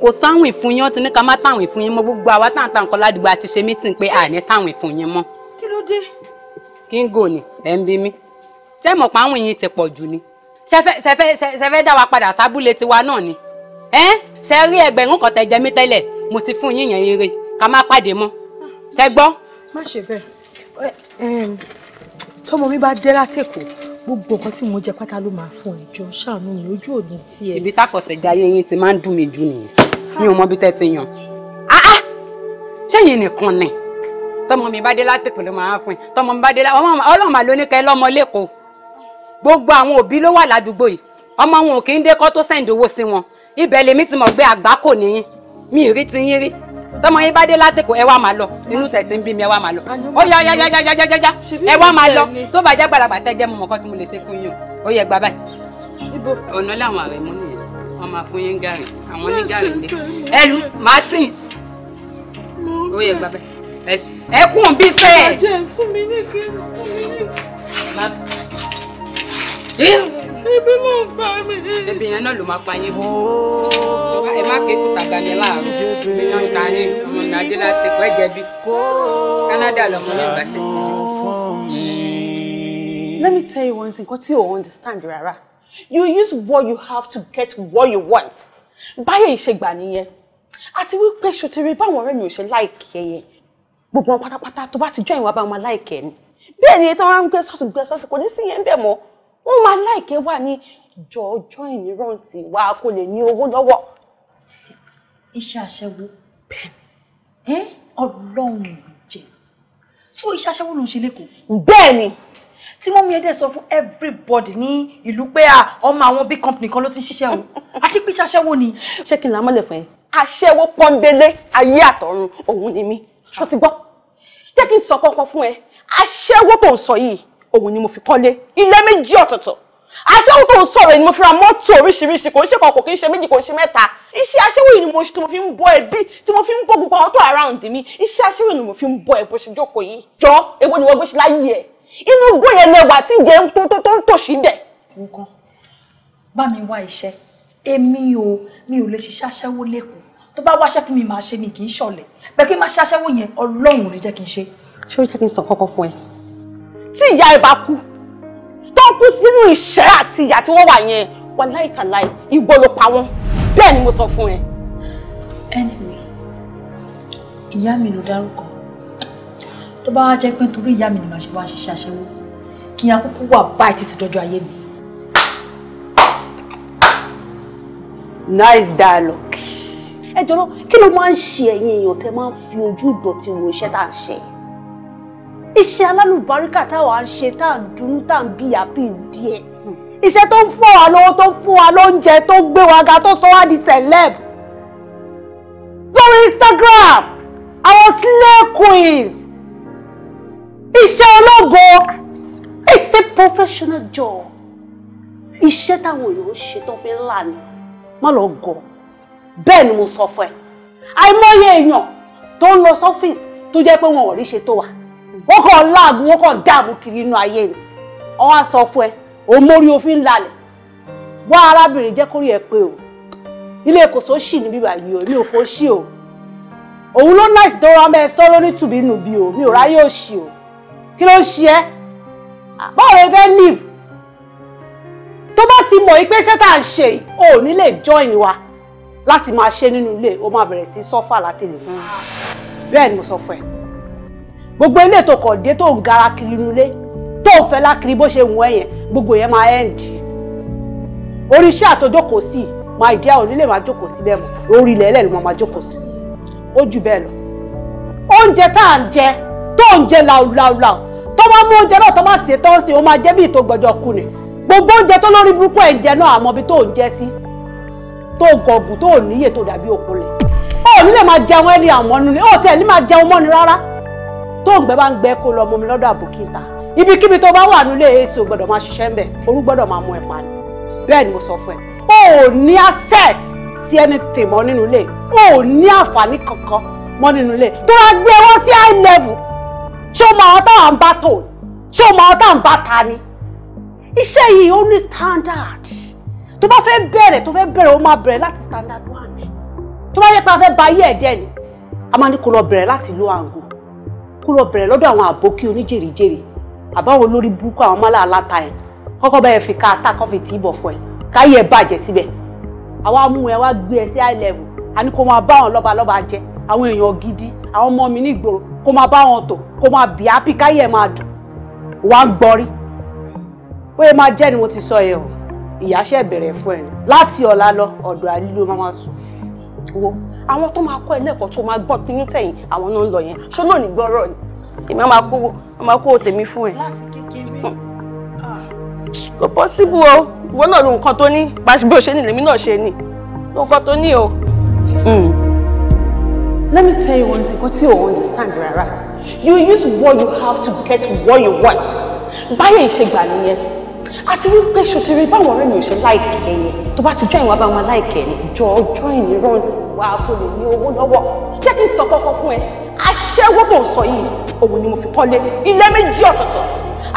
S2: kò sáwìn fún yín ó ti ní ká má táwìn fún yín mọ́ gbogbo àwa tá à ń ta nǹkan ládùúgbò àti ṣe mítìn pé àní táwìn fún yín mọ́. kí ló dé. kí n gò ní ẹ̀ ń bí mi ṣé mọ̀ pa àwọn ti pọ̀ jù ni ṣe fẹ́ dá wa padà sábúlé tiwa náà ni ṣe rí ẹgbẹ̀rún kan tẹ jẹ mí tẹ́lẹ̀ mo ti fún yín yẹn eré ká má pàdé mọ́ ṣe gbọ́. má ṣe bẹ́ẹ̀ tọmọ mi bá dé látẹ̀kọ̀ọ́ gbogbo nǹkan tí mo jẹ pátá ló máa fún ẹ jọ ṣàánú mi ojú òní tí ẹ. ibi tákọ̀sẹ̀ gba ayé yín ti máa ń dùn mí jù nìyẹn mi ò mọ bí tẹ́ ti yàn ah, ah! ṣẹ́yìn nìkan ni tọmọ mi bá dé látẹ̀kọ̀ ló máa fún ẹ tọmọ mi bá dé látẹ̀kọ̀ ọlọ́run máa lóníkà ẹ lọ́mọ lẹ́kọ̀ọ́ gbogbo àwọn òbí ló wà ládùúgbò yìí ọmọ wọn ò kì í dé kọ́ tó sẹ́ǹdì owó sí wọn ibẹ̀ lèmi ti mọ̀ gbé àgbákò nìyí mi ì rí ti yín rí tọmọ yín bá dé látẹkọ ẹ wá máa lọ inú tẹ ti ń bí mi ẹ wá máa lọ ó yá yá yá yá yá yá yá ẹ wá máa lọ tó bá jẹ́ gbàlagbà tẹ jẹ́ mọmọ kan tí mo lè ṣe fún yín o ó yẹ gbà báyìí. ọ̀nà làwọn àrẹ mú nìyẹn wọn máa fún yín gàrí àwọn ní gàrí lé ẹlú martin ó yẹ gbà báyìí ẹkún bí sẹ. ọjọ́ ẹ̀
S4: fún mi ní kí fún
S2: mi ní ebi ló ń pa ebi yẹn náà ló máa pa yín. ẹ má ké kúta gba mi láàárọ̀ ta yín
S3: ọmọ mi adé láti kọ́
S2: ẹ̀jẹ̀ Canada lọmọ ní ìgbà ṣe. Let me tell you one thing, nǹkan tí o understand Rara? You use what you have to get what you want. Báyọ̀ ìṣègbà nìyẹn. Àti wípé ṣòtẹ́rẹ́ báwọn ọ̀rẹ́ mi ò ṣe láìkẹ́ yẹn gbogbo wọn pátápátá tó bá ti jọ ìwà bá wọn láìkẹ́ ni bẹ́ẹ̀ ni ètò wọn á ń gbé sọ́ọ̀tù gbé sọ́ọ̀tù kò ní sí yẹn bẹ́ẹ̀ mọ́ wọ́n máa láìké wà ní ìjọ ọjọ́ ìníránsì wa kó lè ní owó lọ́wọ́. iṣẹ́ aṣẹ́wó bẹ́ẹ̀ ni ọlọ́run ló jẹ́ so iṣẹ́ aṣẹ́wó ló ń ṣe lẹ́kọ̀ọ́. bẹ́ẹ̀ ni tí wọ́n mú ẹdẹ sọ fún everybody ní ìlú pé ọmọ àwọn big company kan ló ti ṣiṣẹ́ o àṣepẹ́ iṣẹ́ aṣẹ́wó ni. ṣé kí n là mọ́lẹ̀ fún ẹ aṣẹ́wó pọ́nbélé ayé àtọ̀run òun ni mí ṣó ti gbọ́ jẹ́ kí n sọ kọ́kọ́ fún ẹ aṣẹ́wó tó ń sọ yìí òun ni mo fi kọ́lé ilé méjì ọ̀tọ̀ọ̀tọ̀ aṣẹ́wó tó ń sọ̀rọ̀ ni mo fi ra mọ́tò oríṣiríṣi kò ń ṣe kọ̀ọ̀kọ̀ kì í ṣe méjì kò ń ṣe mẹ́ta iṣẹ́ aṣẹ́wó yìí ni mo ṣe tí mo fi ń bọ́ ẹbí tí mo fi ń bọ́ gbogbo àwọn tó around mi iṣẹ́ aṣẹ́wó ni mo fi ń bọ́ ẹ bó ṣe jókòó yìí jọ ewo ni wọ́n gbé ṣe láyé ẹ̀ inú igbó yẹn lẹwà tí ìjẹ ń tó tó ń tò sí bẹ̀. nǹkan bá mi wá iṣẹ́ èmi ò mi ò lè ṣiṣẹ́ aṣẹ́wó lẹ́kọ̀ọ́ tó bá wáṣẹ́ fún mi máa ṣe mi kì í ṣọ̀lẹ̀ bẹ́ẹ̀ kí n má ṣaṣẹ́wó yẹn ọlọ́run ò ní jẹ́ kí n ṣe. ṣé ó jẹ́ kí n sọ kọ́kọ́ fún ẹ tí ìyá ẹ bá kú tó kú sínú ìṣẹ́ àti ìyà tí wọ́n wà yẹn wà láìtàláì ìwọ ló pa wọ́n bẹ́ẹ̀ ni mo sọ fún ẹ. anyway ìyá mi ló dárúkọ tó bá wá jẹ́ pé nítorí ìyá mi ni màá ṣe wá ṣiṣẹ́ aṣẹ́wó kí n akókó wà báyìí títí dọjọ́ ayé mi. nice dialogue. ẹ jọ̀rọ̀ kí ló máa ń ṣe ẹ̀yin èèyàn tẹ́ máa ń fi ojú ìdọ̀tí wo iṣẹ́ tá à ṣe iṣẹ́ alálùbáríkà táwa ń ṣe tá à ń dùn tá à ń bí àbí díẹ̀ iṣẹ́ tó ń fọ́ wa lọ́wọ́ tó ń fún wa lóúnjẹ tó ń gbé wa ga tó sọ wá di celeb lórí Instagram àwọn slay queens iṣẹ́ ológo it's a professional job iṣẹ́ táwọn èèyàn ṣe tó fi ń là ní má lọ gọ̀ bẹ́ẹ̀ ni mo sọ fún ẹ àìmọye èèyàn tó ń lọ sọ́fíìsì tó jẹ́ pé wọn ò rí ṣe tó wà ó kàn láàgùn ó kàn dààmú kiri inú ayé ni wọn á sọ fún ẹ òun mórí òfin lálẹ́ wá arábìnrin jẹ́ kórìí ẹ pé o ilé kòsó ṣì níbí báyìí o mi ò fọ́ ṣí o òun ló náà ìsìtò ọmọ ẹ sọ̀rọ̀ nítùbí inú bí o mi ò ráyè òṣì o kí ló ń ṣe ẹ́ báwo lè fẹ́ leave tó bá ti mọ̀ pé iṣẹ́ tá à ń ṣe yìí o ò join wa láti máa ṣe nínú ilé o máa bẹ̀rẹ̀ sí sọ́fà látẹ̀lé bẹ́ẹ̀ ni mo sọ fún ẹ gbogbo ilé tó kọ̀ dé tó ń gara kiri nulẹ̀ tó ń fẹ́ lákiri bó ṣe wù ẹ́ yẹn gbogbo yẹn máa end oríṣi àtòjókòó sí máa ìdí àwọn onílé máa jókòó sí bẹ́ẹ̀ mọ́ orí ilẹ̀ ẹlẹ́nu máa jókòó sí ó jù bẹ́ẹ̀ lọ oúnjẹ tá à ń jẹ tó ń jẹ làwùlàwùlà tó bá mú oúnjẹ náà tó bá ṣe tán sí i ó máa jẹ́ bí ìtò gbọ́jọ kù ni gbogbo oúnjẹ tó lórí burúkú ẹ̀ ń jẹ náà àmọ́ bí tó ń jẹ sí tó gọ̀gùn tó níyè tó dàbí òkú lẹ̀ ó nílẹ̀ máa jẹun ẹni àwọn ọ̀nù ni ó tiẹ̀ ní máa jẹun mọ́ni rárá tó ń gbẹ bá ń gbẹ kó lọ mọmi lọ́dọ̀ àbòkíta ibikíbi tó bá wà nílé èso gbọ́dọ̀ máa ṣiṣẹ́ ń bẹ̀ orú gbọ́dọ̀ máa mú ẹ pa ni bẹ́ẹ̀ ni mo sọ fún ẹ o ò ní access sí anything mọ́ nínú ilé o ò ní àǹfààní kankan mọ́ nínú ilé tó bá gbé wọn sí high level ṣé o máa táwọn bá tò ṣé o máa táwọn bá ta ni iṣẹ́ yìí ó ní standard tó bá fẹ́ bẹ̀rẹ̀ tó fẹ́ bẹ̀rẹ̀ ó máa bẹ̀rẹ̀ láti standard one tó bá yẹ pé a fẹ́ ba ayé ẹ̀ dẹ́ ni a máa ní kó lọ bẹ̀rẹ̀ láti lo àǹgò kó lọ bẹ̀rẹ̀ lọ́dọ̀ àwọn àbókí oníjèrèjèrè àbáwọn olórí burúkú àwọn mọ́lá aláta ẹ̀ kọ́kọ́ bẹ́ẹ̀ fi ká ata kọ́fì tí ì bọ̀ fún ẹ káyé ẹ bàjẹ́ síbẹ̀ àwa mú ẹ wá gbé ẹ sí high level a ní kó máa bá àwọn lọ́balọ́ba jẹ àwọn èèyàn gidi àwọn ọmọ mi ní ìgboro kó máa bá wọn tò kó máa bì ápì káyé ẹ máa dùn wà á gbọ́rí ó yẹ máa jẹ́ ni mo ti sọ yẹ o ìyáṣẹ́ bẹ̀rẹ̀ fún ẹ láti ọ̀la lọ ọ̀dọ̀ àlílò máa máa sùn wo àwọn tó máa kọ́ ẹlẹ́kọ̀ọ́ tó máa gbọ́n tinú tẹ̀yìn àwọn náà ń lọ yẹn ṣó lónìí gbọ́rọ̀ ni èmi máa kó máa kó tèmi fún ẹ. láti kékeré. kò pọ́síbù o ìwọ náà lu nǹkan tó ní bó ṣe ní lèmi náà ṣe ní lu nǹkan tó ní o. Hmm. let me tell you one thing kan tí o understand rárá you use what you have to get what you want báyẹn ìṣègbà nìyẹn àti wípé ṣòtẹ̀rẹ̀ báwọn ọ̀rẹ́ mi ò ṣe láìkẹ́ yẹn tó bá ti jọ ìwọ̀n báwọn láìkẹ́ yẹn jọ ọjọ́ ìnírọ̀nsì wa kò lè ní owó lọ́wọ́ jẹ́ kí n sọ kọ́kọ́ fún ẹ aṣẹ́wó tó ń sọ yìí òun ni mo fi kọ́lé ilé méjì ọ̀tọ̀ọ̀tọ̀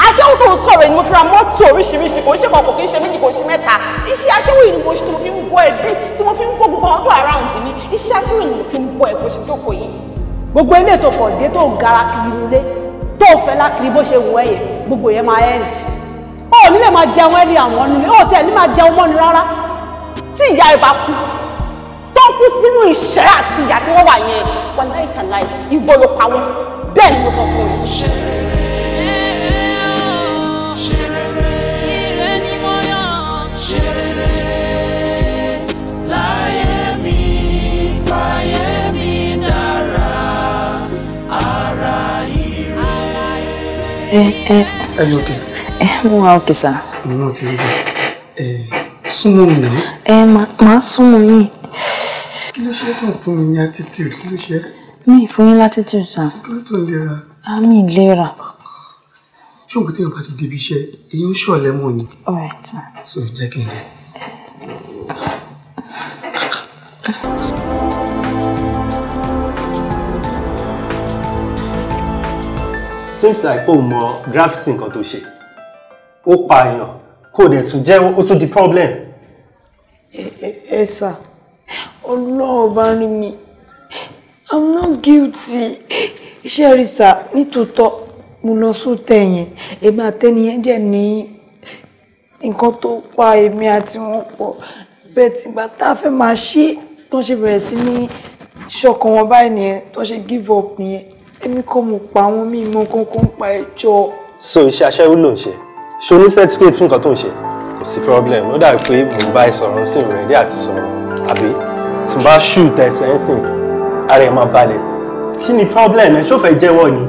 S2: aṣẹ́wó tó ń sọ̀rọ̀ ni mo fi ra mọ́tò oríṣiríṣi kò ń ṣe kọ̀ọ̀kọ̀ kì í ṣe méjì kò ń ṣe mẹ́ta iṣẹ́ aṣẹ́wó yìí ni mo ṣe tí mo fi ń bọ́ ẹbí tí mo fi ń bọ́ gbogbo àwọn tó around mi iṣẹ́ aṣẹ́wó yìí ni mo fi ń bọ́ ẹ̀ kò ṣe jókòó yìí gbogbo ilé tó kọ̀ dé tó gara kiri nílé tó fẹ́ lákiri bó ṣe wù ẹ̀yẹ gbogbo yẹn máa end ò ní máa jẹun ẹni àwọn nílé ó tiẹ̀ ní máa jẹun mọ́ni rárá tí ìyá ẹ bá kú tó kú sínú ìṣẹ́ àti ìyà tí wọ́n wà yẹn wà láì tàn láì ìwọ ló pa wọ́n bẹ́ẹ̀ ni mo sọ fún yín.
S4: Eh, eh. Are you okay? ẹ eh, mo wà òkè
S1: sà. mo náà ti rí bẹ́ẹ̀ ẹ súnmọ́ mi náà.
S4: ẹ eh, máa súnmọ́ yín.
S5: kí ló ṣe tó ń fún mi ní attitude kí ló ṣe.
S4: mi ì fún yín latitude sà.
S5: kí ló tó ń lera.
S2: a mi ì lera.
S5: ṣé òun kò téèyàn bá ti débi iṣẹ́ èyí ń ṣọ̀lẹ́ mọ̀ ni. ọ̀rẹ́ sà. so jẹ́ kí n lè.
S3: seems like kò mọ graffiti nǹkan tó ṣe ó pààyàn kò dẹ̀ tún jẹ́ ó tún di problem.
S2: ẹ sà ọlọ́run bá rí mi i'm not guilty iṣẹ́ rí sà nítòótọ́ mo lọ sóòtẹ́ yẹn èmi àtẹnìyẹn jẹ́ ní nǹkan tó pa èmi àti wọn pọ̀ bẹ́ẹ̀ tìgbà tá a fẹ́ máa ṣe tó ṣe bẹ̀rẹ̀ sí ní ṣọkàn wọn báyìí nìyẹn tó ṣe give up nìyẹn èmi kò mọ̀ pa àwọn míì mọ́ kankan pa ẹjọ́.
S3: so iṣẹ́ aṣẹ́wó ló ń ṣe ṣo ní certificate fún nǹkan tó ń ṣe kò sí problem ó dàbí pé mo bá ẹ sọ̀rọ̀ sí ìrìn rẹ̀ àti sọ̀rọ̀ àbí tí bá ṣù tẹ̀sẹ̀ ń sìn ara ẹ̀ máa balẹ̀ kí ni problem ẹ ṣó fẹ́ jẹ́wọ́ ni.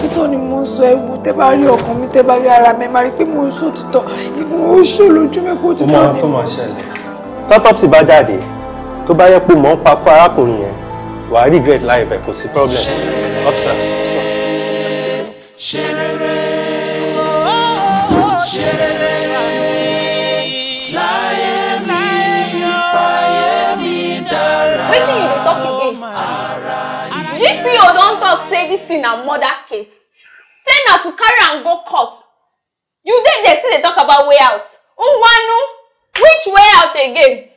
S2: títọ́ ni mo sọ ewu tẹ bá rí ọkàn mi tẹ bá rí ara mi máa rí pé mo
S3: ń sọ òtítọ́ ìmọ̀ ó ṣò lójú mi kó òtítọ́ ni. ó máa tó máa ṣẹlẹ̀ tọ́tọ́psì bá jáde tó bá yẹ pé mò ń pakọ́ arákùnrin yẹn wàá regret life ẹ kò sí problem officer sọ. ṣeré
S4: ṣerere
S2: láyé mi fàyè mi dára. wetin you dey talk again dpo don talk say this thing na murder case say na to carry am go court you dey there still dey talk about way out nwanu which way out again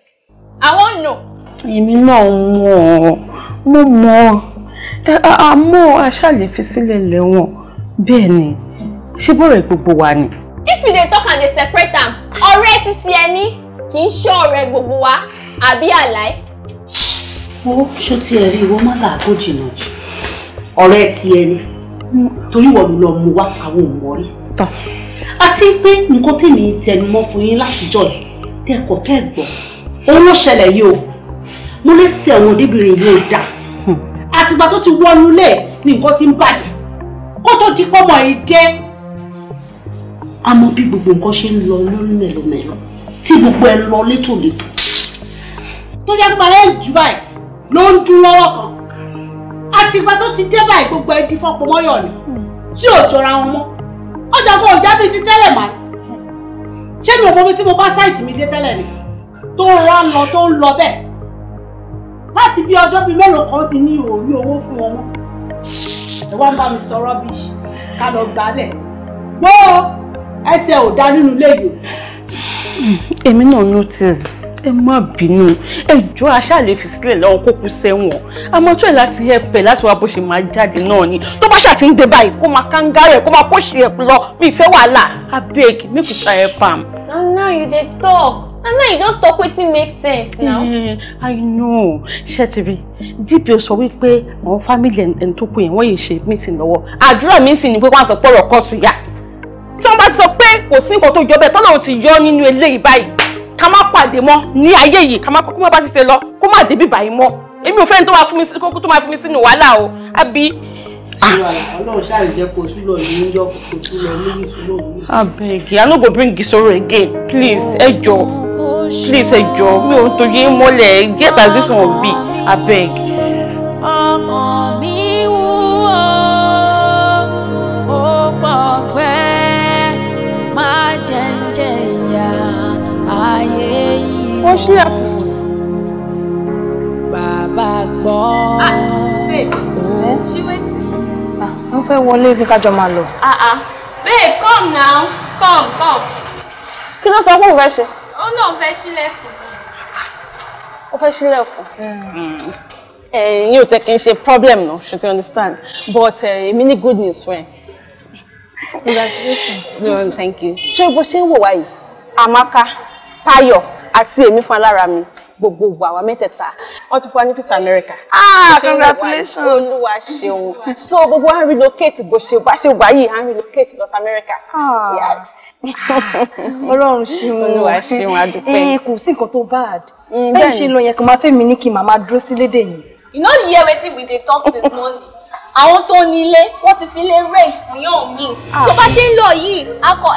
S2: i wan know. èmi náà mọ̀ mo mọ̀ àmọ́ aṣáàlì fi sílẹ̀ lẹ́wọ̀n bẹ́ẹ̀ ni ṣé bọ̀rọ̀ gbogbo wa ni if you dey talk and dey separate am ọ̀rẹ́ títí ẹni kì í ṣe ọ̀rẹ́ gbogbo wa àbí àlàyé. ó ṣó tí ẹ rí ìwọ má làágùn jìnnà jù ọ̀rẹ́ ti ẹni torí wọ́n lọ mú wá àwọn òmùwọ́rí. àti pé nǹkan tèmi tẹnumọ́ fún yín látijọ́ yìí tẹ́kọ̀ tẹ́ gbọ́ òun ló ṣẹlẹ̀ yìí o mo lè ṣe àwọn òdìbìrin ilé ìdá hmm. àtìgbà tó ti wọnú lẹ̀ ní nǹkan ti ń bàjẹ́ kó tó di pọ́mọ ìdẹ́ a mọ bí gbogbo nǹkan ṣe ń lọ lómẹlómẹlọ tí gbogbo ẹ lọ létòlétò. tó jẹ́ parẹ́ ìjú báyìí ló ń dún lọ́wọ́ kan àti ìgbà tó ti dé báyìí gbogbo ẹ di fọ́pọ̀ mọ́yọ̀ ni tí ò jọra wọn mọ́ ọjà kan ò já bíi ti tẹ́lẹ̀ mà ṣé mi ò mọ bí tí mo bá sáìtì mi dé tẹ́lẹ̀ ni tó ń rán lọ tó ń lọ bẹ́ẹ̀ láti bí ọjọ́ bíi mélòó kan ti ní òórí owó fún wọn mọ́ ẹ wá ń bá mi sọ rọ́bìṣì ká lọ gbà bẹ́ẹ̀ gbọ́ ẹsẹ̀ ò dá nínú ilé yìí. èmi náà notice ẹ má bínú ẹjọ́ aṣáàlè fi sílẹ̀ lọ́wọ́ kó kú sẹ́wọ̀n àmọ́ tó ẹ̀ láti ẹ̀pẹ̀ láti wá bó ṣe máa jáde náà ni tó bá ṣàti ń dé báyìí kó máa kánga rẹ̀ kó máa kó ṣe ẹ̀kú lọ mi ìfẹ́ wàhálà abeg make we try help am. Now you dey talk Now you just talk wetin make sense now. Eh, i know ṣètìrì dpo sọ wípé àwọn fámìlì ẹni tó kù yẹn wọ́n yìí ṣe mítìn lọ́wọ́ àdúrà mi sì ni pé wọ́n á sọ pọ̀rọ̀ kọ́ọ̀tù yá tí wọ́n bá ti sọ pé kò sí nǹkan tó jọ bẹ́ẹ̀ tọ́lọ́run ti yọ nínú eléyìí báyìí ká má pàdé mọ́ ní ayé yìí ká má kó má bá ṣiṣẹ́ lọ kó má débi báyìí mọ́ èmi ò fẹ́ni tó máa fún mi sí kókó tó máa fún mi sínú wàhálà o àbí. Ah. ọlọ́run ṣáà jẹ́ kó súlọ̀ ní yọ kó súlọ̀ ní súlọ̀ ní. abeg i no go bring gisoro sorrow again please ẹ please ẹ jọ mi ò tó yé mọ́lẹ̀ get as this one be abeg. ọkàn
S4: mi wò. wọ́n
S2: bàbá gbọ́. Ah, eh, wọ́n ah. fẹ́ wọlé ibi kájọ máa lọ. Ah, babe come now come come. kí ló sọ pé òun ó lóun fẹ́ ṣílẹ̀kùn. ó fẹ́ ṣílẹ̀kùn ẹ̀yin hmm. eh, ò tẹ́ kí n ṣe problem no ṣe ti understand but eh, èmi ní good news fún ẹ. congratulations. no thank you. ṣé bó ṣe ń wò wá yìí Amaka àti èmi fún alára mi gbogbo wa wa mẹ́tẹ̀ẹ̀ta wọ́n ti fún wa ní peace America. ah congratulations olúwa ṣeun so gbogbo wa ń relocate bó ṣe bá ṣe wà yìí à ń relocate lọ sí America. Ah. yes. Ọlọ́run ṣeun olúwa ṣeun adúpẹ́. ẹ eh, kò sí nǹkan tó bad mm, bẹ́ẹ̀ ṣe lọ yẹn kò máa fẹ́ mi ní kí màmá dúró sí lédè yìí. you the hear wetin we dey talk since morning àwọn tó nílé wọ́n ti fi lé rent fún yóò mi ah. tó bá ṣe ń lọ yìí akọ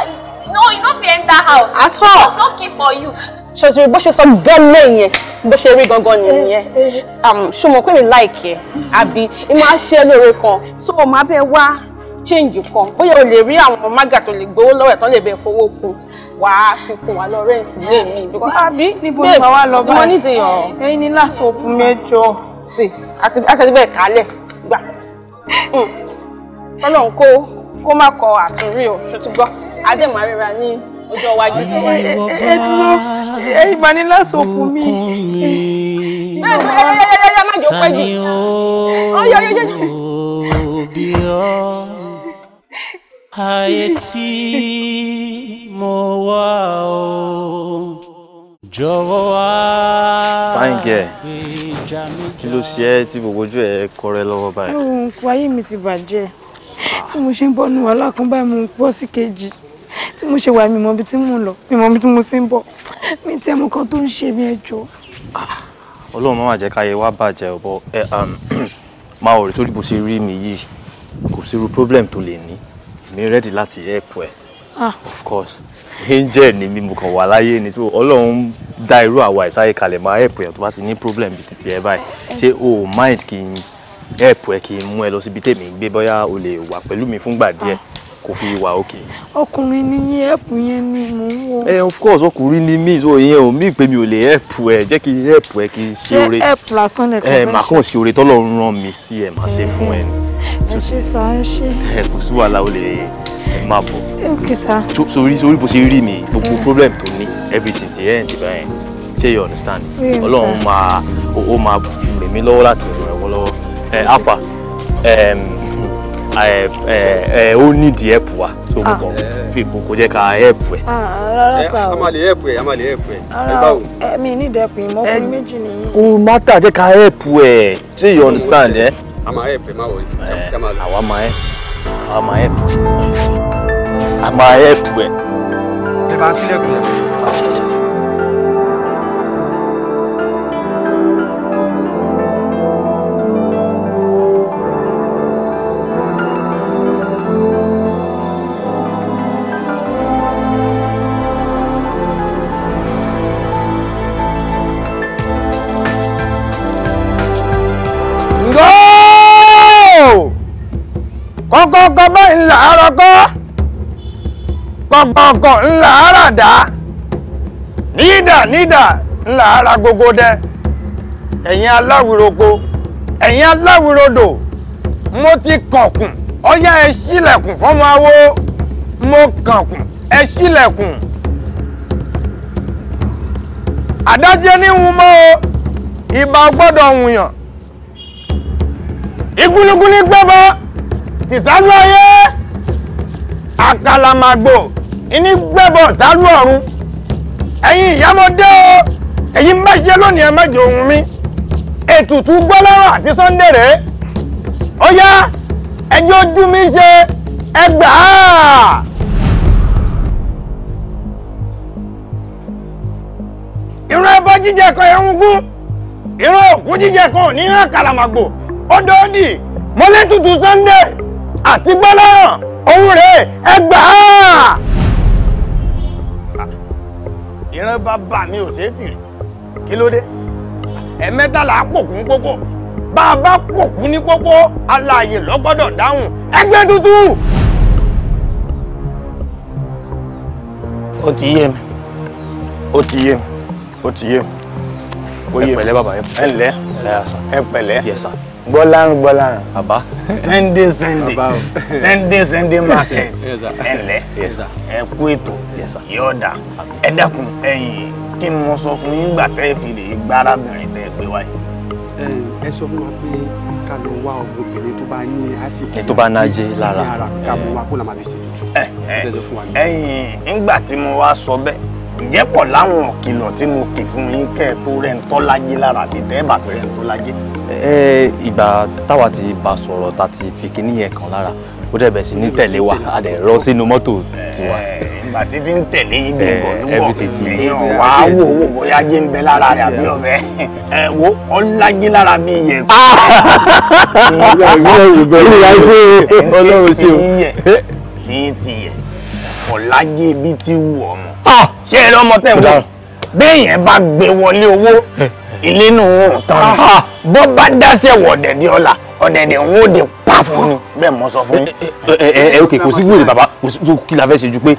S2: no you no fit enter house at all it's not key for you ṣòtìrì bó ṣe sọ gánlẹ̀ yẹn bó ṣe rí gangan eh, nìyẹn eh. um, ṣó mọ̀ pé mi láìkẹ́ àbí ìmọ̀ àṣẹ lóore kan tó o máa bẹ́ẹ̀ wá change kan bóyá o lè rí àwọn mága tó lè gbowó lọ́wọ́ ẹ̀ tán lè bẹ̀ fowó kun wà á fi kun wà lọ rẹ́ǹtì lé mi. àbí níbo ni wàá lọ báyìí mo ní ìdèyàn. ẹyin ní láṣọ òkun mẹ́jọ. sí àtẹ̀tẹ̀ bẹ́ẹ̀ kálẹ̀ gbà. Hmm. ọlọ́run kó kó má kọ àtúnrí o ṣó ti gbọ́ adé màá ríra ní ọjọ́ iwájú. ẹ dúró ẹ ìmọ̀nilásokùn mi. ẹ ẹ ẹ ẹ má jọ pẹ́ jù. ọyọ ọyọ
S4: ọyọ. ayé tí
S1: mo wá o jọ̀wọ́ wá. báńkẹ́
S3: kí ló ṣe ẹ́ tí gbogbo ojú ẹ̀ kọrẹ́ lọ́wọ́ báyìí.
S2: ohun kò ayé mi ti bàjẹ́ tí mo ṣe ń bọ́nu wàhálà kan báyìí mo ń pọ̀ sí kejì tí mo ṣe wà mi mọ̀ bí tí mo lọ mi mọ̀ bí tí mo ti ń bọ̀ mi tí ẹmu kan tó ń ṣe mí ẹjọ́.
S3: ọlọ́run má má jẹ́ káyé wá bàjẹ́ ọ̀bọ ẹ eh, um, máa ò rí torí bó ṣe rí mi yìí kò sí irú problem tó lè ní mi rẹ́dì láti help ẹ ah. of course angel ni mi mo kàn wà láyé ni tó ọlọ́run dá irú àwa ìsáyè kalẹ̀ máa help ẹ tó bá ti ní problem bíi titi ẹ báyìí ṣé o mind kì í help ẹ kì í mú ẹ lọ síbi tèmi gbé bóyá o lè wà pẹ̀lú mi fúngbà díẹ̀. Ah kò fi wà òkè.
S2: ọkùnrin ni yín ẹ̀pù yẹn ni mò ń wò. ẹ eh, of
S3: course ọkùnrin ni mí so ìyẹn ò mí pé mi ò lè ẹ̀pù ẹ jẹ́ kí ẹ̀pù ẹ kí n ṣe oore. ṣé ẹ̀pù
S2: lásán lẹ eh, kọ́ fẹ́ ṣe. ẹ màá kàn ṣe
S3: oore tọ́lọ́run rán mi sí ẹ màá ṣe fún ẹ. Eh,
S2: ẹ ṣe sá ẹ ṣe.
S3: ẹ kò sí wàhálà o lè máa bọ̀. okay sir. sori sori bó ṣe rí mi gbogbo problem tó ní everything ti ẹ̀ ń dìbà yẹn ṣé you understand ọlọ́run máa ó máa ó nídìí ẹ̀pù wa tó mo ah. kàn fi kò kò jẹ́ ká ẹ̀pù ẹ̀.
S2: Ah, rárá eh, sá o a máa lè ẹ̀pù ẹ̀ a máa lè ẹ̀pù ẹ̀ ẹ báwo. Eh, mi ní ìdẹ̀pù ìmọ̀kùnrin méjì
S3: nìyí. kò má tà jẹ́ ká ẹ̀pù ẹ̀ ṣé you understand ẹ̀. Eh? a máa ẹ̀pù ẹ̀ máa wọ̀ ẹ̀. àwa máa ẹ̀ àwa máa ẹ̀pù ẹ̀. a máa ẹ̀pù ẹ̀. ẹ bá ń sílẹ̀kùn ẹ̀.
S1: ọkọ̀ọ̀kọ̀ báyìí ńlá àrọ́kọ́ kọ̀kọ̀ọ̀kọ̀ ńlá àràdá nídà nídà ńlá ara gbogbo dẹ ẹ̀yin aláwìroko ẹ̀yin mo ti kànkùn ọyá ẹ ṣílẹ̀kùn fọ́mọ mo kànkùn ẹ ṣílẹ̀kùn àdájẹ́ mo hun o ìbà gbọ́dọ̀ hùn yàn tìsálú ayé àkàlàmàgbò ìní gbẹ́bọ̀ sálú ọ̀run ẹ̀yin ìyámọ́dé o èyí má ṣe lónìí ẹ má jẹ ohun mi ètùtù gbọ́lọ́rọ̀ àti Sunday rèé ó yá ẹjọ́ ojú mi ṣe ẹgbàá. ìran ẹbọ jíjẹ kan ẹ̀hún gún ìran òkú jíjẹ kan ò ní hàn kàlàmàgbò ó dòódì mọ́lẹ́tùtù Sunday àti gbọ́lọ́ràn òun rèé ẹgbà á. ìran bàbá mi ò ṣeé tìrì kí ló dé ẹ̀mẹ́tàlá pòkún pópó bá a bá pòkún ní pópó aláàyè lọ́gbọ́dọ̀ dáhùn ẹgbẹ́ tútù. ó ti yé mi ó ti yé mi ó ti yé mi ó yé mi ẹ pẹ̀lẹ́ bàbá ẹ pẹ̀lẹ́ ẹ pẹ̀lẹ́. Bọ́lárùn Bọ́lárùn. Bàbá. Sunday Sunday. Bàbá o. market. Ẹnlẹ́. Ẹ kú ètò. Yọ̀ọ̀dà. Ẹ dákun ẹ̀yìn kí n mọ sọ fún yín gbà tẹ́ fi lè gba arábìnrin tẹ́ pé wáyé. Ẹ sọ fún wa pé ká lọ wá ọmọbìnrin tó bá ní àsìkò.
S3: Tó bá nájẹ́ lára. Ká mú wa
S1: kó la máa fi ṣètùtù. Ẹ̀yìn nígbà tí mo wá sọ bẹ́ẹ̀ ǹjẹ́ pọ̀ láwọn ìkìlọ̀ tí mo kì fún yín kẹ́ rẹ̀ ń tọ́ láyé lára àbí tẹ́ ẹ rẹ̀ ń tó láyé.
S3: ẹ ìgbà táwa ti bá sọ̀rọ̀ ta ti fi kinní yẹn kan lára ó dẹ̀ bẹ̀ sí ní tẹ̀lé wa a dẹ̀ rọ sínú mọ́tò tiwa. ìgbà títí ń tẹ̀lé ibi gọ̀dúgọ̀ èèyàn wá wò wò
S1: bóyá jẹ́ ń bẹ lára rẹ̀ àbí ọ̀bẹ ẹ wo ọ̀làjì lára mi yẹ. Ah! ọlọ́run ṣe o. títí ẹ̀ ọ̀làjì ibi ṣé ẹ lọ́mọ tẹ̀ wọ́n béèyàn bá gbé wọlé owó ilé nù ń tán bọ́ bá dáṣẹ́ wọ̀ ọ̀dẹ̀dẹ̀ ọ̀la ọ̀dẹ̀dẹ̀ ń wò de pa fún un bẹ́ẹ̀ mọ̀ sọ fún yín. ẹ ẹ ẹ ok kò sí wèrè
S3: bàbá kò sí kí la fẹ́ ṣe ju pé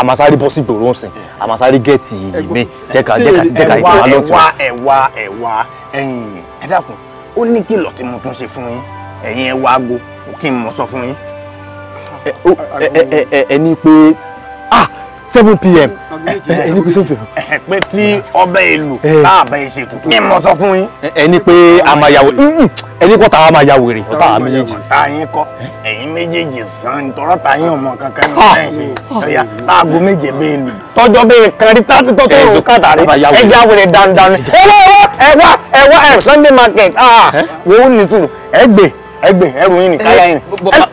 S3: àmàsáré bọ́ sí ìbòrò ń sìn àmàsáré gẹ̀ẹ́tì ìmí jẹ́ka jẹ́ka jẹ́ka ìtàn wa lọ́tún. ẹ̀wà
S1: ẹ̀wà ẹ̀wà ẹ̀yìn ẹ dákun ó ní kìlọ̀ tí mo tún ṣe fún yín ẹ̀yin ẹ̀wà aago kí n mọ̀ sọ fún yín. Eh, oh, ẹ ẹ ẹ ẹ ní pé
S3: ah seven pm
S5: ẹni pé seven pm.
S1: ẹ pé tí ọbẹ̀ èlò láàbẹ̀ ìṣe tuntun. mi mọ̀ sọ
S3: fún yín. ẹni pé a máa yàwó ẹni pọ̀ táwa máa yàwó rè ọ̀tá àmì méjì.
S1: tààyín kọ ẹ̀yin méjèèjì sàn nítorọ́ tààyìn ọmọ kankan ní ọ̀sẹ̀ ṣe lọ́yà láago méje bẹ́ẹ̀ lù. tọ́jọ́ bẹ́ẹ̀ kẹrì tààtì tọ́tọ́ òun kàtàrí ẹja wẹ̀rẹ̀ dandan. ẹ wá ẹ ẹ Sunday market wo ní tùrù ẹ ẹgbìn ẹrù yín nìkan yá yín.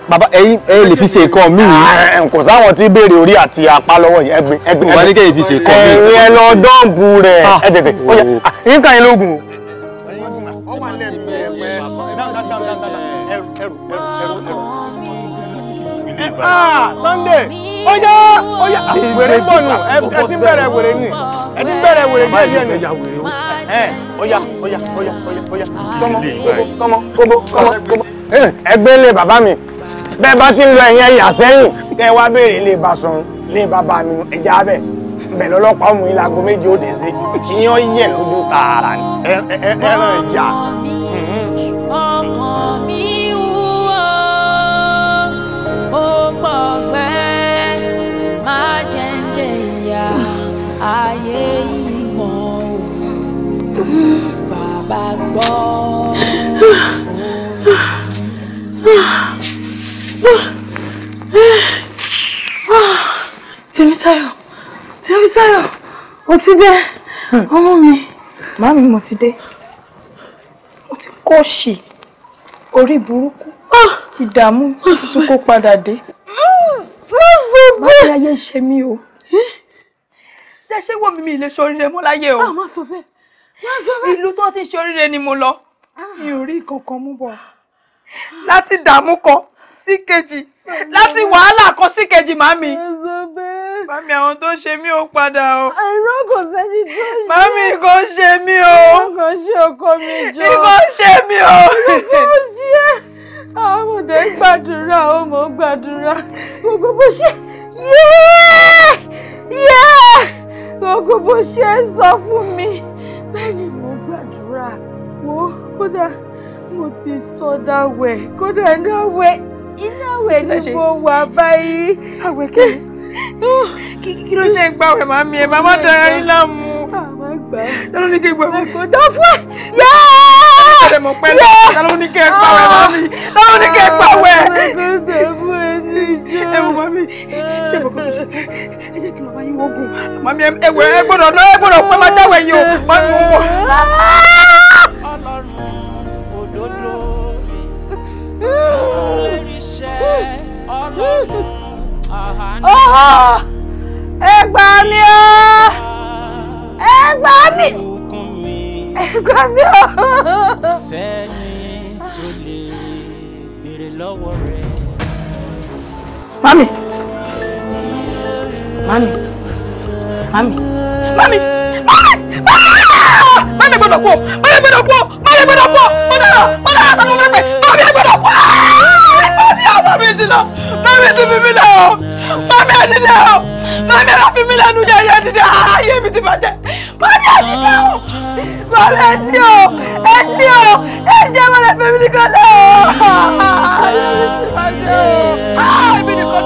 S1: bàbá E, ẹ lè fi ṣe nǹkan mí. Ah, kò sáwọn tí béèrè orí àti apá lọ́wọ́ yìí ẹgbìn ẹgbìn. bàbá ní kẹ́yìn fi ṣe nǹkan mí. ẹyin ẹ lọ dọ́ǹbù rẹ̀ ah. ẹ tètè oh. ah,
S5: yín kàn yín lóògùn
S1: Sunday ọyá ọyá wèrè bọ̀nù ẹ ti bẹ̀rẹ̀ wèrè ni
S3: ẹ ti bẹ̀rẹ̀ wèrè ni
S1: ẹ ní ọyá ọyá ọyá ọyá ọyá kọmọ kọmọ kọmọ kọmọ kọmọ. Eh, ẹgbẹ́ ilé bàbá mi bẹ́ẹ̀ bá ti ń lọ ẹ̀yìn ẹ̀yà sẹ́yìn kẹ́ ẹ wá béèrè ilé ìbásun ilé bàbá mi ẹja abẹ bẹ́ẹ̀ lọ́lọ́pàá mú ilé aago méje òde sí ìyẹn yẹ lójú tààrà ẹran ìjà.
S4: ọkàn mi wúwo ó pọ̀ pẹ́ máa jẹ́ ń jẹ ìyá ayé ìmọ̀ bàbá gbọ́.
S2: Tèmítáyọ̀, Tèmítáyọ̀, o ti dé, ọmọ mi. Màámi mo ti dé, mo ti kó ṣì, orí burúkú, ah! ìdààmú ó ah! ti tún kó padà dé. Báyọ̀ ayé ṣe mí o. Eh? Jẹ́ ṣé wò mí mi lè ṣoríire mọ́ láyé o. Ah, má sọ bẹ́ẹ̀, má sọ bẹ́ẹ̀. Ìlú tó ti ṣoríire ni mo lọ. Mi ò rí nǹkan kan mú bọ̀ láti dààmú kan sí kejì láti wàhálà kan sí kejì màmí. màmí àwọn tó ṣe mí ó padà o. àìrọ́ kò sẹ́ni tó ṣe. màmí kò ṣe mí o. kò
S4: ṣe ọkọ mi jọ. kò ṣe mí o. kò ṣe àmùdé ah,
S2: gbàdúrà ó mọ̀ gbàdúrà gbogbo bó ṣe yéé yéé gbogbo bó ṣe ń sọ fún mi bẹ́ẹ̀ mo gbàdúrà wo kódà mo ti sọdá wẹ̀ kódà náà wẹ̀ iná wẹ̀ ni mo wà báyìí. àwẹ̀ kẹ́lẹ́ kí ló ṣe ń gbà wẹ̀ màmí ẹ̀ màmá dára yín láàmú. tọ́lá ah, ah, ní kí n gbà wẹ̀. kò dá fún ẹ. ẹ̀rẹ̀ mọ̀ pẹ́ lọ́wọ́ tọ́lá ní kí ẹ gbà wẹ̀ màmí tọ́lá màmí ṣé mo kọ́ ṣe ẹ jẹ́ kí màmá yín wọ́gùn màmí ẹ wẹ̀ gbọ́dọ̀ lọ ẹ gbọ́dọ̀ pẹ́ máa jáwé yín o màmí mo
S4: ẹ gbà mí o ẹ gbà mí ẹ
S2: gbà mí o. sẹ́yìn tó lè béèrè lọ́wọ́ rẹ̀. mami mami mami mami mami ah! ah! mami gbọ́dọ̀ kú
S4: mami gbọ́dọ̀ kú mami gbọ́dọ̀ kú mọdàrà mọdàrà tó ló fẹ́ fẹ́ gbọ́dọ̀ kú mami ọ ah, mami ti lọ mami ti fi mi lẹ o mami ẹ nílẹ o mami ẹ fi mi lẹ́nu yẹyẹ dídá ah, ayé mi ti bàjẹ́ mami ẹ nílẹ o mami ẹ jí o ẹ jí o ẹ jẹ wọn lẹ fẹmi nìkan lẹ o ah, ayé
S2: nìkan ló yẹ mi nìkan